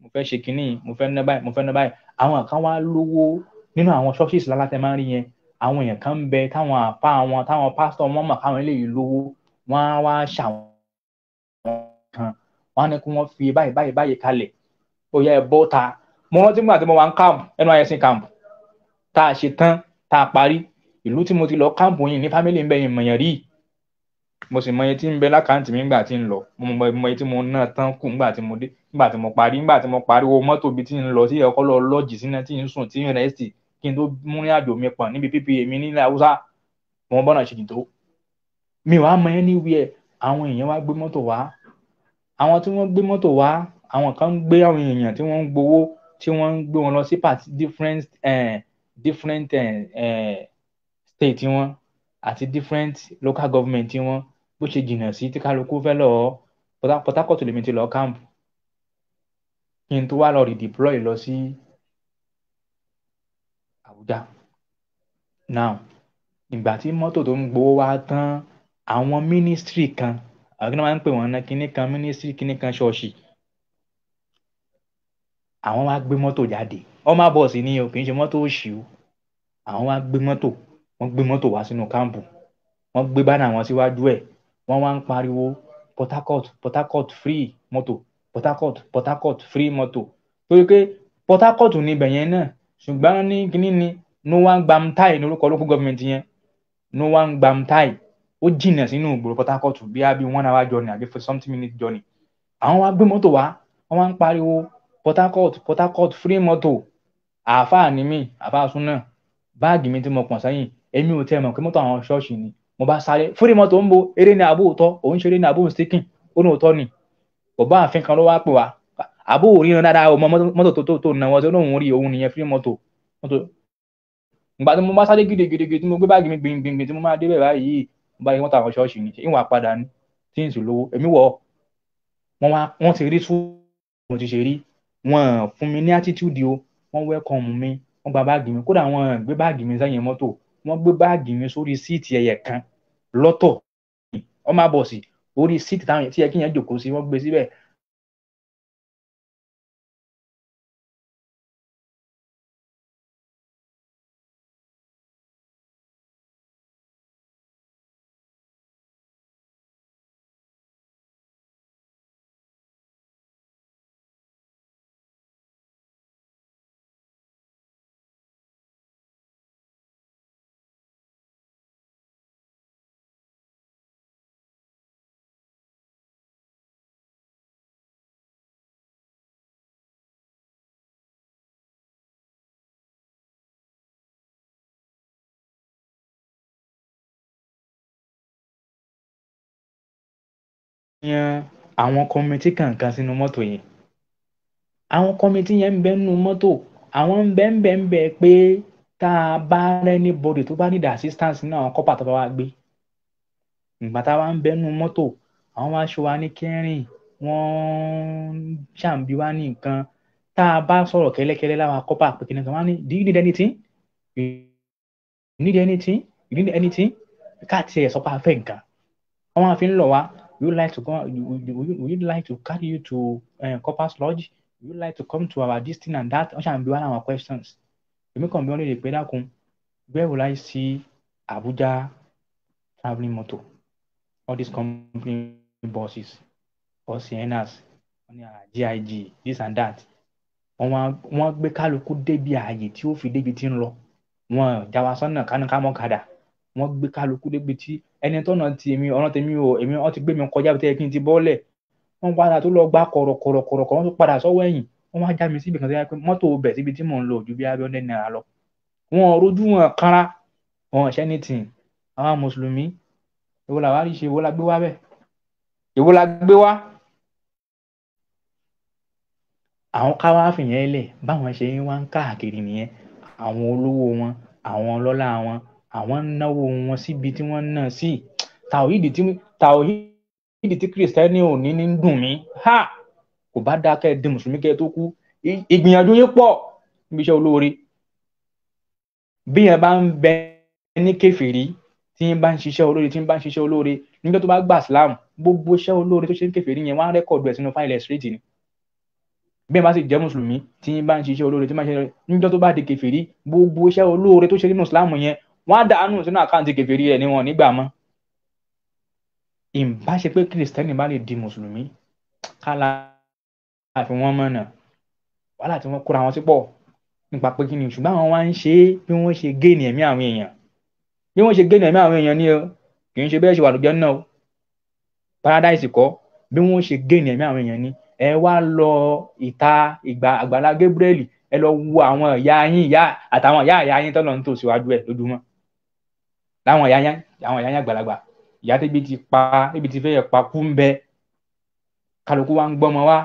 mo fẹ́ ṣe kínní mo fẹ́ ná báyìí mo fẹ́ ná báyìí àwọn kan wá lówó nínú àwọn churches lálátẹ máa ń rí yẹn àwọn èèyàn kan ń bẹ táwọn àpá wọn táwọn pásítọ̀ wọn mọ̀ káwọn eléyìí lówó wọn á wá ṣàwọn kan wọn á ní kí wọ́n fi báyìí báyìí báyìí kalẹ̀ ó yẹ bọ́ ta mo rántí mú àti mo wà ń camp nysc camp tá a ṣe tán tá a parí ìlú tí mo ti lọ camp yìí ní family ń bẹ yìí mọ̀yàn yìí mo sì mọ iye tí ń bẹ lákàntì mi nígbà tí ń lọ mo mọ iye tí mo ná tán kù nígbà tí mo dé nígbà tí mo parí nígbà tí mo parí owó mọ́tò bíi tí ń lọ sí ẹ̀kọ́ lọ lọ́ọ̀jì sínú tí ń sùn tí ń rẹ́sì kí n tó mú ní àjò mi pọ̀n níbi pípi èmi nílẹ̀ haúsá mo bọ́nà ṣe jìn tó. mi wàá mọ anywhere àwọn èèyàn wá gbé mọ́tò wá àwọn tí wọ́n gbé mọ́tò wá àwọn kan gbé àwọn èèyàn tí wọ́n gbowó tí wọ́n gbé wọn lọ sí different eh, different eh, eh, state wọn àti different local government wọn bó ṣe jìnnà sí tí kálukú fẹ́ lọ Port Harcourt lèmi ti lọ camp kí n tó wá lọ redeploy lọ sí Àbújá now ìgbà tí mọ́tò tó ń gbowó wá tán àwọn ministry kan àwọn kí ni wọ́n máa ń pè wọ́n ná kíní kan ministry kíní kan ṣọ́ọ̀ṣì àwọn wá gbé mọ́tò jáde ọmọ àbọ̀sí ni o kì í ṣe mọ́tò òṣì àwọn wá gbé mọ́tò wọ́n gbé mọ́tò wá sínú káàmpù wọ́n gbé bánà wọn síwájú ẹ̀ wọ́n wá ń pariwo Port Harcourt Port Harcourt free moto. Port Harcourt Port Harcourt free moto. torí pé Port Harcourt ní ibẹ̀ yẹn náà ṣùgbọ́n ní kíní ni no one gbamtai ní orúkọ local government yẹn no one gbamtai ó jìnnà sínú ìgboro Port Harcourt bí i one hour journey àbí for something minute journey àwọn wa gbé mọ́tò wá wọ́n wá ń pariwo Port Harcourt Port Harcourt free moto. àáfàá ni mí àáfàá sún náà báàgì mi tí mo pọ̀n sẹ́yìn èmi ò tẹ́ mọ̀ pé mọ́tò àwọn ṣọ́ọ̀ṣì ni mo bá sáré fúri mọ́tò ń bo eré ní abó òótọ́ òun ṣeré ní abó mistaken ó ní òótọ́ ni bàbá àfin kan ló wá pè wá abó ò ríran dáadáa o mọ mọ́tò tó tó tó nà wọ́n tó lóun rí òun nìyẹn fúri mọ́tò mọ́tò ìgbà tí mo bá sáré gidigidi tí mo gbé báàgì mi gbìngbìngbì tí mo máa débẹ̀ báyìí mo bá yẹ mọ́tò àwọn ṣọ́ọ̀ṣì ni ìwà padà ni tí n sì lówó wọ́n gbé báàgì yẹn sórí síìtì ẹyẹ kan lọ́tọ̀ ọmọ àbọ̀sì orí síìtì táwọn tí ẹ kí yẹn jòkó sí wọ́n gbé síbẹ̀ yan àwọn kọ́mítì kankan sínú mọ́tò yẹn àwọn kọ́mítì yẹn ń bẹ nínú mọ́tò àwọn ń bẹ ń bẹ ń bẹ pé tá a bá rẹ́ni bọ́dì tó bá nídìí assistance nínú àwọn kọ́pà tó bá wá gbé ìgbà tá a wá ń bẹ nínú mọ́tò àwọn wá ṣe wa ní kẹrin wọ́n ṣàǹbí wa ní nǹkan tá a bá sọ̀rọ̀ kẹ́lẹ́kẹ́lẹ́ láwọn kọ́pà pé kìnìkan wá ní do you need anything you need anything you need anything káàtì ẹ̀ sọ a fẹ́ nǹkan wọ́n máa fi lọ wá you like to go? We you, would like to carry you to uh, Copper's Lodge? We Would like to come to our this thing and that? Ó be one of our questions. Èmi kàn bí wọ́n lè pè dákun. Where will I see Abuja traveling motor? All these company bosses or Siennas, GIG, ah, this and that. Wọ́n wọ́n gbé kálukú débi ààyè tí ó fi débi tí ń lọ. Wọ́n jà wá sọ́nà kánú kámọ́kadà wọ́n gbé kálukú débi tí ẹni tọ́nà ti èmi ọ̀nà tèmi o èmi wọ́n ti gbé mi kọjá bí tẹ́lẹ̀ ti bọ́ọ̀lẹ̀ wọ́n padà tó lọ gbá kọ̀rọ̀kọ̀rọ̀kọ̀rọ̀ wọ́n tún padà sọ́wọ́ ẹ̀yìn wọ́n wá já mi síbi kan tó yẹ pé mọ́tò bẹ̀ síbi tí mò ń lọ ju bí abẹ́ ọ̀dẹ́ lọ. wọn rojú wọn kára wọn ṣẹ́ ní tìǹ àwọn mùsùlùmí èwo làwa rí ṣe èwo la gbé wá bẹ́ẹ̀ èwo la gbé wá. àwọn káwá àwọn ń náwó wọn síbi tí wọ́n ń ná sí tàwíìdì tí tàwíìdì tí kìrìsìtẹ́nì ò ní ní ń dùn mí ha kò bá dákẹ́ di mùsùlùmí kẹ́ tó kú ìgbìyànjú yín pọ̀ níbi iṣẹ́ olóore bí yẹn bá ń bẹ ní kèfèrí tí ń bá ń ṣiṣẹ́ olóore tí ń bá ń ṣiṣẹ́ olóore nígbà tó bá gbà sílámù gbogbo iṣẹ́ olóore tó ṣe ń kèfèrí yẹn wọ́n á rẹ́kọ̀dù ẹ̀ sínú fáìlì ẹ̀sìrìtì ni bí ẹ bá sì jẹ́ mùsùlùmí tí ń bá ń ṣiṣẹ́ olóore tí ń bá ń ṣiṣẹ́ níjọ́ tó bá di kèfèrí gbogbo iṣẹ́ olóore tó ṣe nínú ìsìlámù yẹn wọ́n á dànù sínú àkáǹtì kèfèrí rẹ̀ ni wọ́n nígbà mọ́ ìbá ṣe pé kìrìsìtẹ́nì bá lè di mùsùlùmí kálá àfi wọ́n mọ̀nà wàhálà tí wọ́n kóra wọn sí pọ̀ nípa pé kí ni ṣùgbọ́n àwọn wá ń ṣe é bí wọ́n ṣe géènì ẹ̀mí àwọn èèyàn bí wọ́n ṣe géènì ẹ̀mí àwọn èèyàn ni o kì í ṣe bẹ́ẹ̀ ṣe wà lójọ́ náà o paradise kọ́ bí wọ́n ṣe géènì ẹ̀mí àwọn èèyàn ni ẹ wá lọ ìta ìgbà àgbàlá Gabriel ẹ lọ wo àwọn ìyá yín ìyá àtàwọn ìyá ìyá yín tọ́lọ́ ń tò síwájú ẹ̀ lójúmọ́ láwọn ìyá àwọn ìyá àgbàlagbà ìyá tẹ́bi ti pa tẹ́bi ti fẹ́yẹ̀ pa kú ń bẹ kálukú wa ń gbọ́mọ wa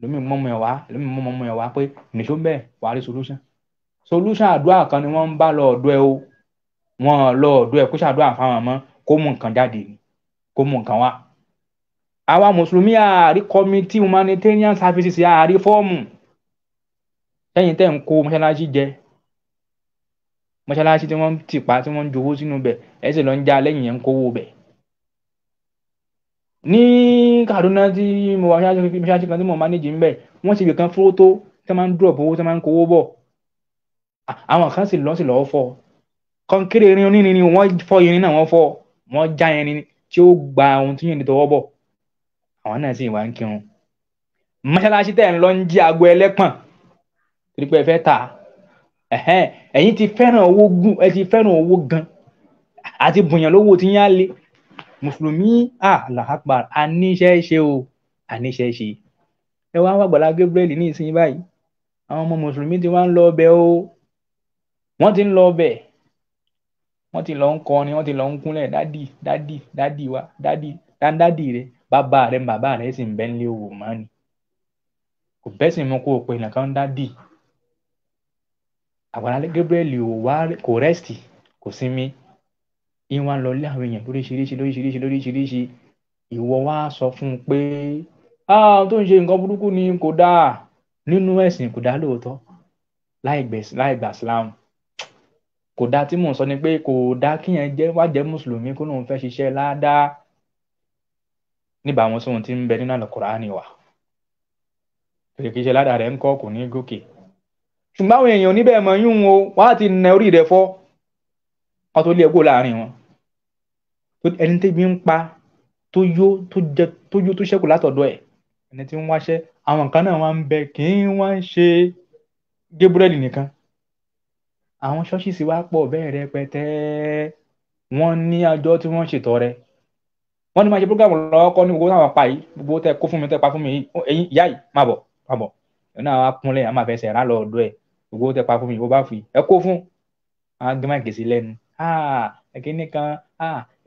lómi mọ́mọ ẹ̀ wá lómi mọ́mọ ẹ̀ wá pé nìṣó ń bẹ̀ wàá rí solution solution àdúrà kan ni wọ́n ń bá lọ ọ̀dọ̀ ẹ o wọ́n lọ ọ̀dọ̀ ẹ kó ṣàdúrà fáwọn ọmọ kó mú nǹkan jáde kó mú nǹkan wá àwa mùsùlùmí àárí committee humanitarian services àárí fọ́ọ̀mù lẹ́yìn tẹ́ ń kó mọ́ṣáláṣí jẹ mọ́ṣáláṣí tí wọ́n ti pa tí wọ́n ń jowó sínú bẹ̀ ẹ̀ sì lọ ń já lẹ́yìn yẹn ń kówó bẹ̀. ní Kaduna tí mo wà mọ́ṣáláṣí kan tí mo manage ń bẹ̀ wọ́n ti bìkan fúró tí wọ́n máa ń drop owó tí wọ́n máa ń kówó bọ̀ àwọn kan sì lọ sí lọ́ọ́ fọ́ kọ́ńkéré irin onírin ni wọ́n fọ́ irin náà wọ́n fọ́ wọ́n já irin tí ó gba ohun tí yẹn ní tọwọ́ bọ̀ àwọn náà sì wá ń kírun mọ́ṣáláṣí tẹ̀ ń lọ ń jí aago ẹlẹ́pọ̀n torí ẹ fẹ́ tà á ẹ̀yin ti fẹ́ràn owó gùn ẹ ti fẹ́ràn owó gan àti bùyàn lówó ti yán lé mùsùlùmí àlàápàá àníṣẹ́ o àníṣẹ́ ṣe ẹ wá wá gbọ́dọ̀ Gabriel ní ìsinyìí báyìí àwọn ọmọ mùsùlùmí ti wá ń lọ ọbẹ̀ o wọ́n ti ń lọ ọbẹ̀ wọ́n ti lọ ń kọrin wọ́n ti lọ ń kúnlẹ̀ dádì dádì dádì wa dádì dáńdádì rẹ bàbá rẹ bàbá rẹ sì ń bẹ́ nílé owó mọ́ ni kò bẹ́sìn mú kó o pe nìkan dádì àgbàlá Gabriel ò wá kò rẹ́sìtì kò sinmi ń wá lọ lé àwọn èèyàn lóríṣiríṣi lóríṣiríṣi lóríṣiríṣi ìwọ wá sọ fún un pé tó ń ṣe nǹkan burúkú ni kò dáa nínú ẹ̀sìn kò dáa lóòótọ́ láì gbà sílámù kò dáa tí mò ń sọ ni pé kò dáa kíyàn jẹ́ wá jẹ́ mùsùlùmí kó lóun fẹ́ ṣiṣẹ́ ládàá níbàámu sóhun tí ń bẹ nínú àlùkùránì wa kìkì iṣẹ́ ládàá rẹ̀ ń kọ́ kò ní gòkè ṣùgbọ́n àwọn èèyàn níbẹ̀ mọ̀ yún o wọ́n á ti nà orí rẹ̀ fọ́ wọ́n tó lé ẹgbó láàrin wọn ẹni tẹ́bi ń pa tó yó tó jẹ tó yó tó ṣẹ́kù látọ̀dọ̀ ẹ̀ ẹni tí ń wáṣẹ́ àwọn nǹkan náà wá ń bẹ kì í ń ṣe gébúrẹ́lì nìkan àwọn ṣọ́ọ̀ṣì sì wá pọ̀ bẹ́ẹ̀ rẹpẹtẹ wọ́n ní àjọ tí wọ́n ṣètọrẹ wọ́n ní máa ṣe program lọ́wọ́ ní gbogbo táwọn pa yìí gbogbo tẹ kó fún mi tẹ pa fún mi yìí ìyá yìí má bọ̀ má bọ̀ ẹ̀ náà wá kúnlẹ̀ àmàfẹsẹ̀ rà lọ́ọ́dọ̀ ẹ̀ ògbó tẹ pa fún mi bó bá fi ẹ kó fún àwọn agbẹ́mọ̀ gèsè lẹ́nu ẹ̀kíní kan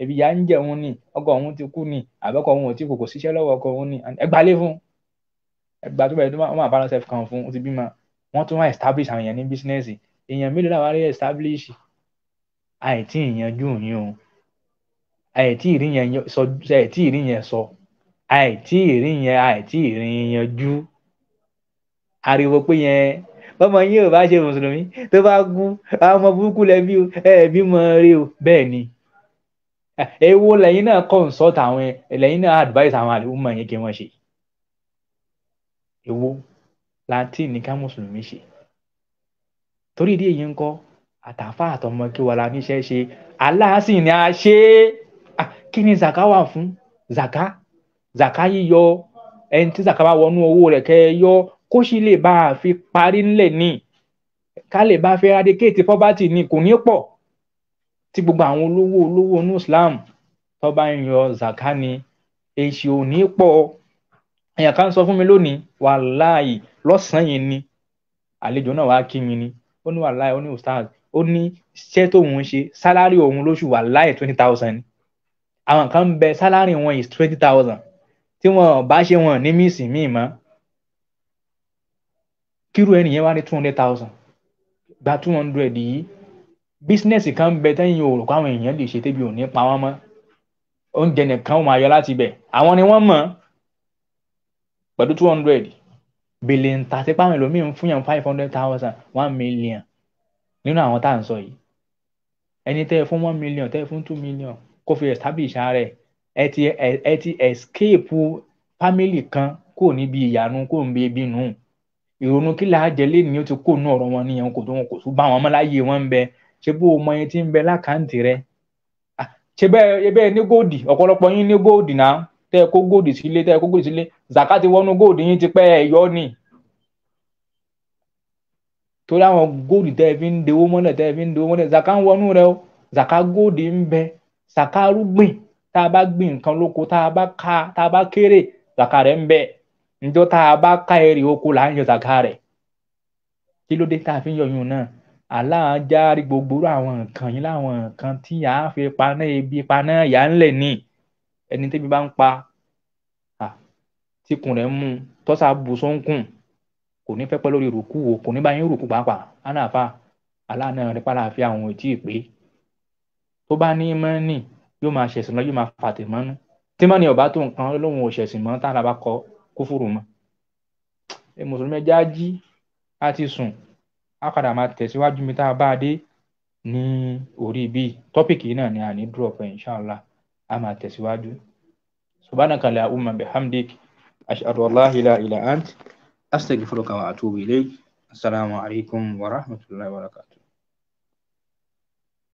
ẹ̀bí ìyá ń jẹ òun ni ọkọ òun ti kú ni àbẹ́kọ̀ òun ò tí kò kò síṣẹ́ lọ́wọ́ ọkọ òun ni ẹ gbalé fún ẹ gbà tó bẹ̀rẹ̀ tó máa balance f kan fún ó ti bímọ wọ́n tún wá establish àwọn èèyàn ní bísínẹ́sì èèyàn mélòó làwọn arí establish àìtí ìyanjú yín o àìtí ìrí yẹn sọ àìtí ìrí yẹn àìtí ìrí yanjú ariwo pé yẹn bọ́mọ yín ò bá ṣe mùsùlùmí tó bá gún àwọn ọmọ burúkú lẹ́bí o ẹ̀ẹ́bí mọ rí o bẹ́ẹ̀ ni èwo lẹ́yìn náà consult àwọn lẹ́yìn náà advice àwọn àlùmọ̀ yẹn kí wọ́n ṣe èwo latin ní ká mùsùlùmí ṣe torí ìdí èyí ń kọ́ àtàfà àtọmọ kí wọ́n la níṣẹ́ ṣe aláàsì ni a ṣe é kí ni zaka wà fún zaka zaka yíyọ ẹni tí zaka bá wọnú owó rẹ̀ kẹ́ yọ kó sì lè bá a fi parí ńlẹ̀ ní ká lè bá a fi eradicate poverty ní kò ní pọ̀ tí gbogbo àwọn olówó olówó inú Islam tó bá ń yọ zaka ni èsì ò ní pọ̀ èèyàn kan sọ fún mi lónìí wàláì lọ́sàn-án yẹn ni àlejò náà wàá kí mi ni ó ní wàláì ó ní ustaz ó ní iṣẹ́ tóun ṣe sálárì òun lóṣù wàláì twenty thousand ni àwọn kan ń bẹ sálárì wọn is twenty thousand tí wọn bá ṣe wọn ní mísìn míì mọ́ kírú ẹni yẹn wá ní two hundred thousand gba two hundred yìí bísínẹ́sì kan bẹ tẹ́yìn òòrùn kó àwọn èèyàn lè ṣe tẹ́bi òní pa wọ́n mọ́ oúnjẹ nìkan ó máa yọ láti bẹ̀ àwọn ni wọ́n mọ̀ pẹ̀lú two hundred bèlè ń ta sí pàmò ẹlòmíì ń fún five hundred thousand one million nínú àwọn tá à ń sọ yìí ẹni tẹ́ ẹ fún one million tẹ́ ẹ fún two million kó fi establish ara ẹ̀ ẹ ti ẹ ti escape family kan kò níbi ìyanu kò ń bí ebi nù. ìrònú kí là jẹ lé nìyẹn ó ti kó nù ọ̀rọ̀ wọn nìyẹn kò tó wọn kò tó bá wọn wọn ń bẹ ṣé bó o mọ ẹni tí ń bẹ lákàntì rẹ ṣé bẹ́ẹ̀ bẹ́ẹ̀ ní góòdì ọ̀pọ̀lọpọ̀ yín ní góòdì náà tẹ́ zaka ti wọnú góòdì yín ti pẹ́ ẹ yọ torí àwọn góòdì tẹ́ fi ń dewó fi ń dewó zaka ń wọnú zaka góòdì ń zaka arúgbìn tá a gbìn nǹkan lóko tá kéré zaka rẹ ń njọ́ tá a bá ká èrè oko là ń yọ zaka rẹ̀ kí ló dé tá a fi ń yọyún náà aláàjárí gbogbo àwọn nǹkan yìí láwọn nǹkan tí a fi paná ebi paná ìyá ńlẹ̀ ní ẹni tẹ́bi bá ń pa tíkùn rẹ̀ mú tọ́sà bù sóńkùn kò ní fẹ́ pẹ́ lórí rùkú o kò ní bá yín rùkú pàápàá aláàfáà aláàánú rẹ̀ pàlà àfi àwọn ò tí ì pé tó bá ní mọ́nì yóò máa ṣẹ̀sìn lọ máa fàtẹ̀mọ́nú tí mọ́nì ọ̀bá tó nǹkan lóhun ò ṣẹ̀sìn mọ́ tá a bá kọ́ kúfùrù mọ́ ẹ mùsùlùmí ẹjẹ́ á jí á ti sùn á padà máa tẹ̀síwájú mi tá a bá a dé ní orí ibi tọ́pìkì yìí náà ni àní drop ẹ̀ inṣàlá a máa tẹ̀síwájú subhanaka allahumma bihamdik ashhadu an la ilaha illa ant astaghfiruka wa atubu ilayk assalamu alaikum wa rahmatullahi wa barakatuh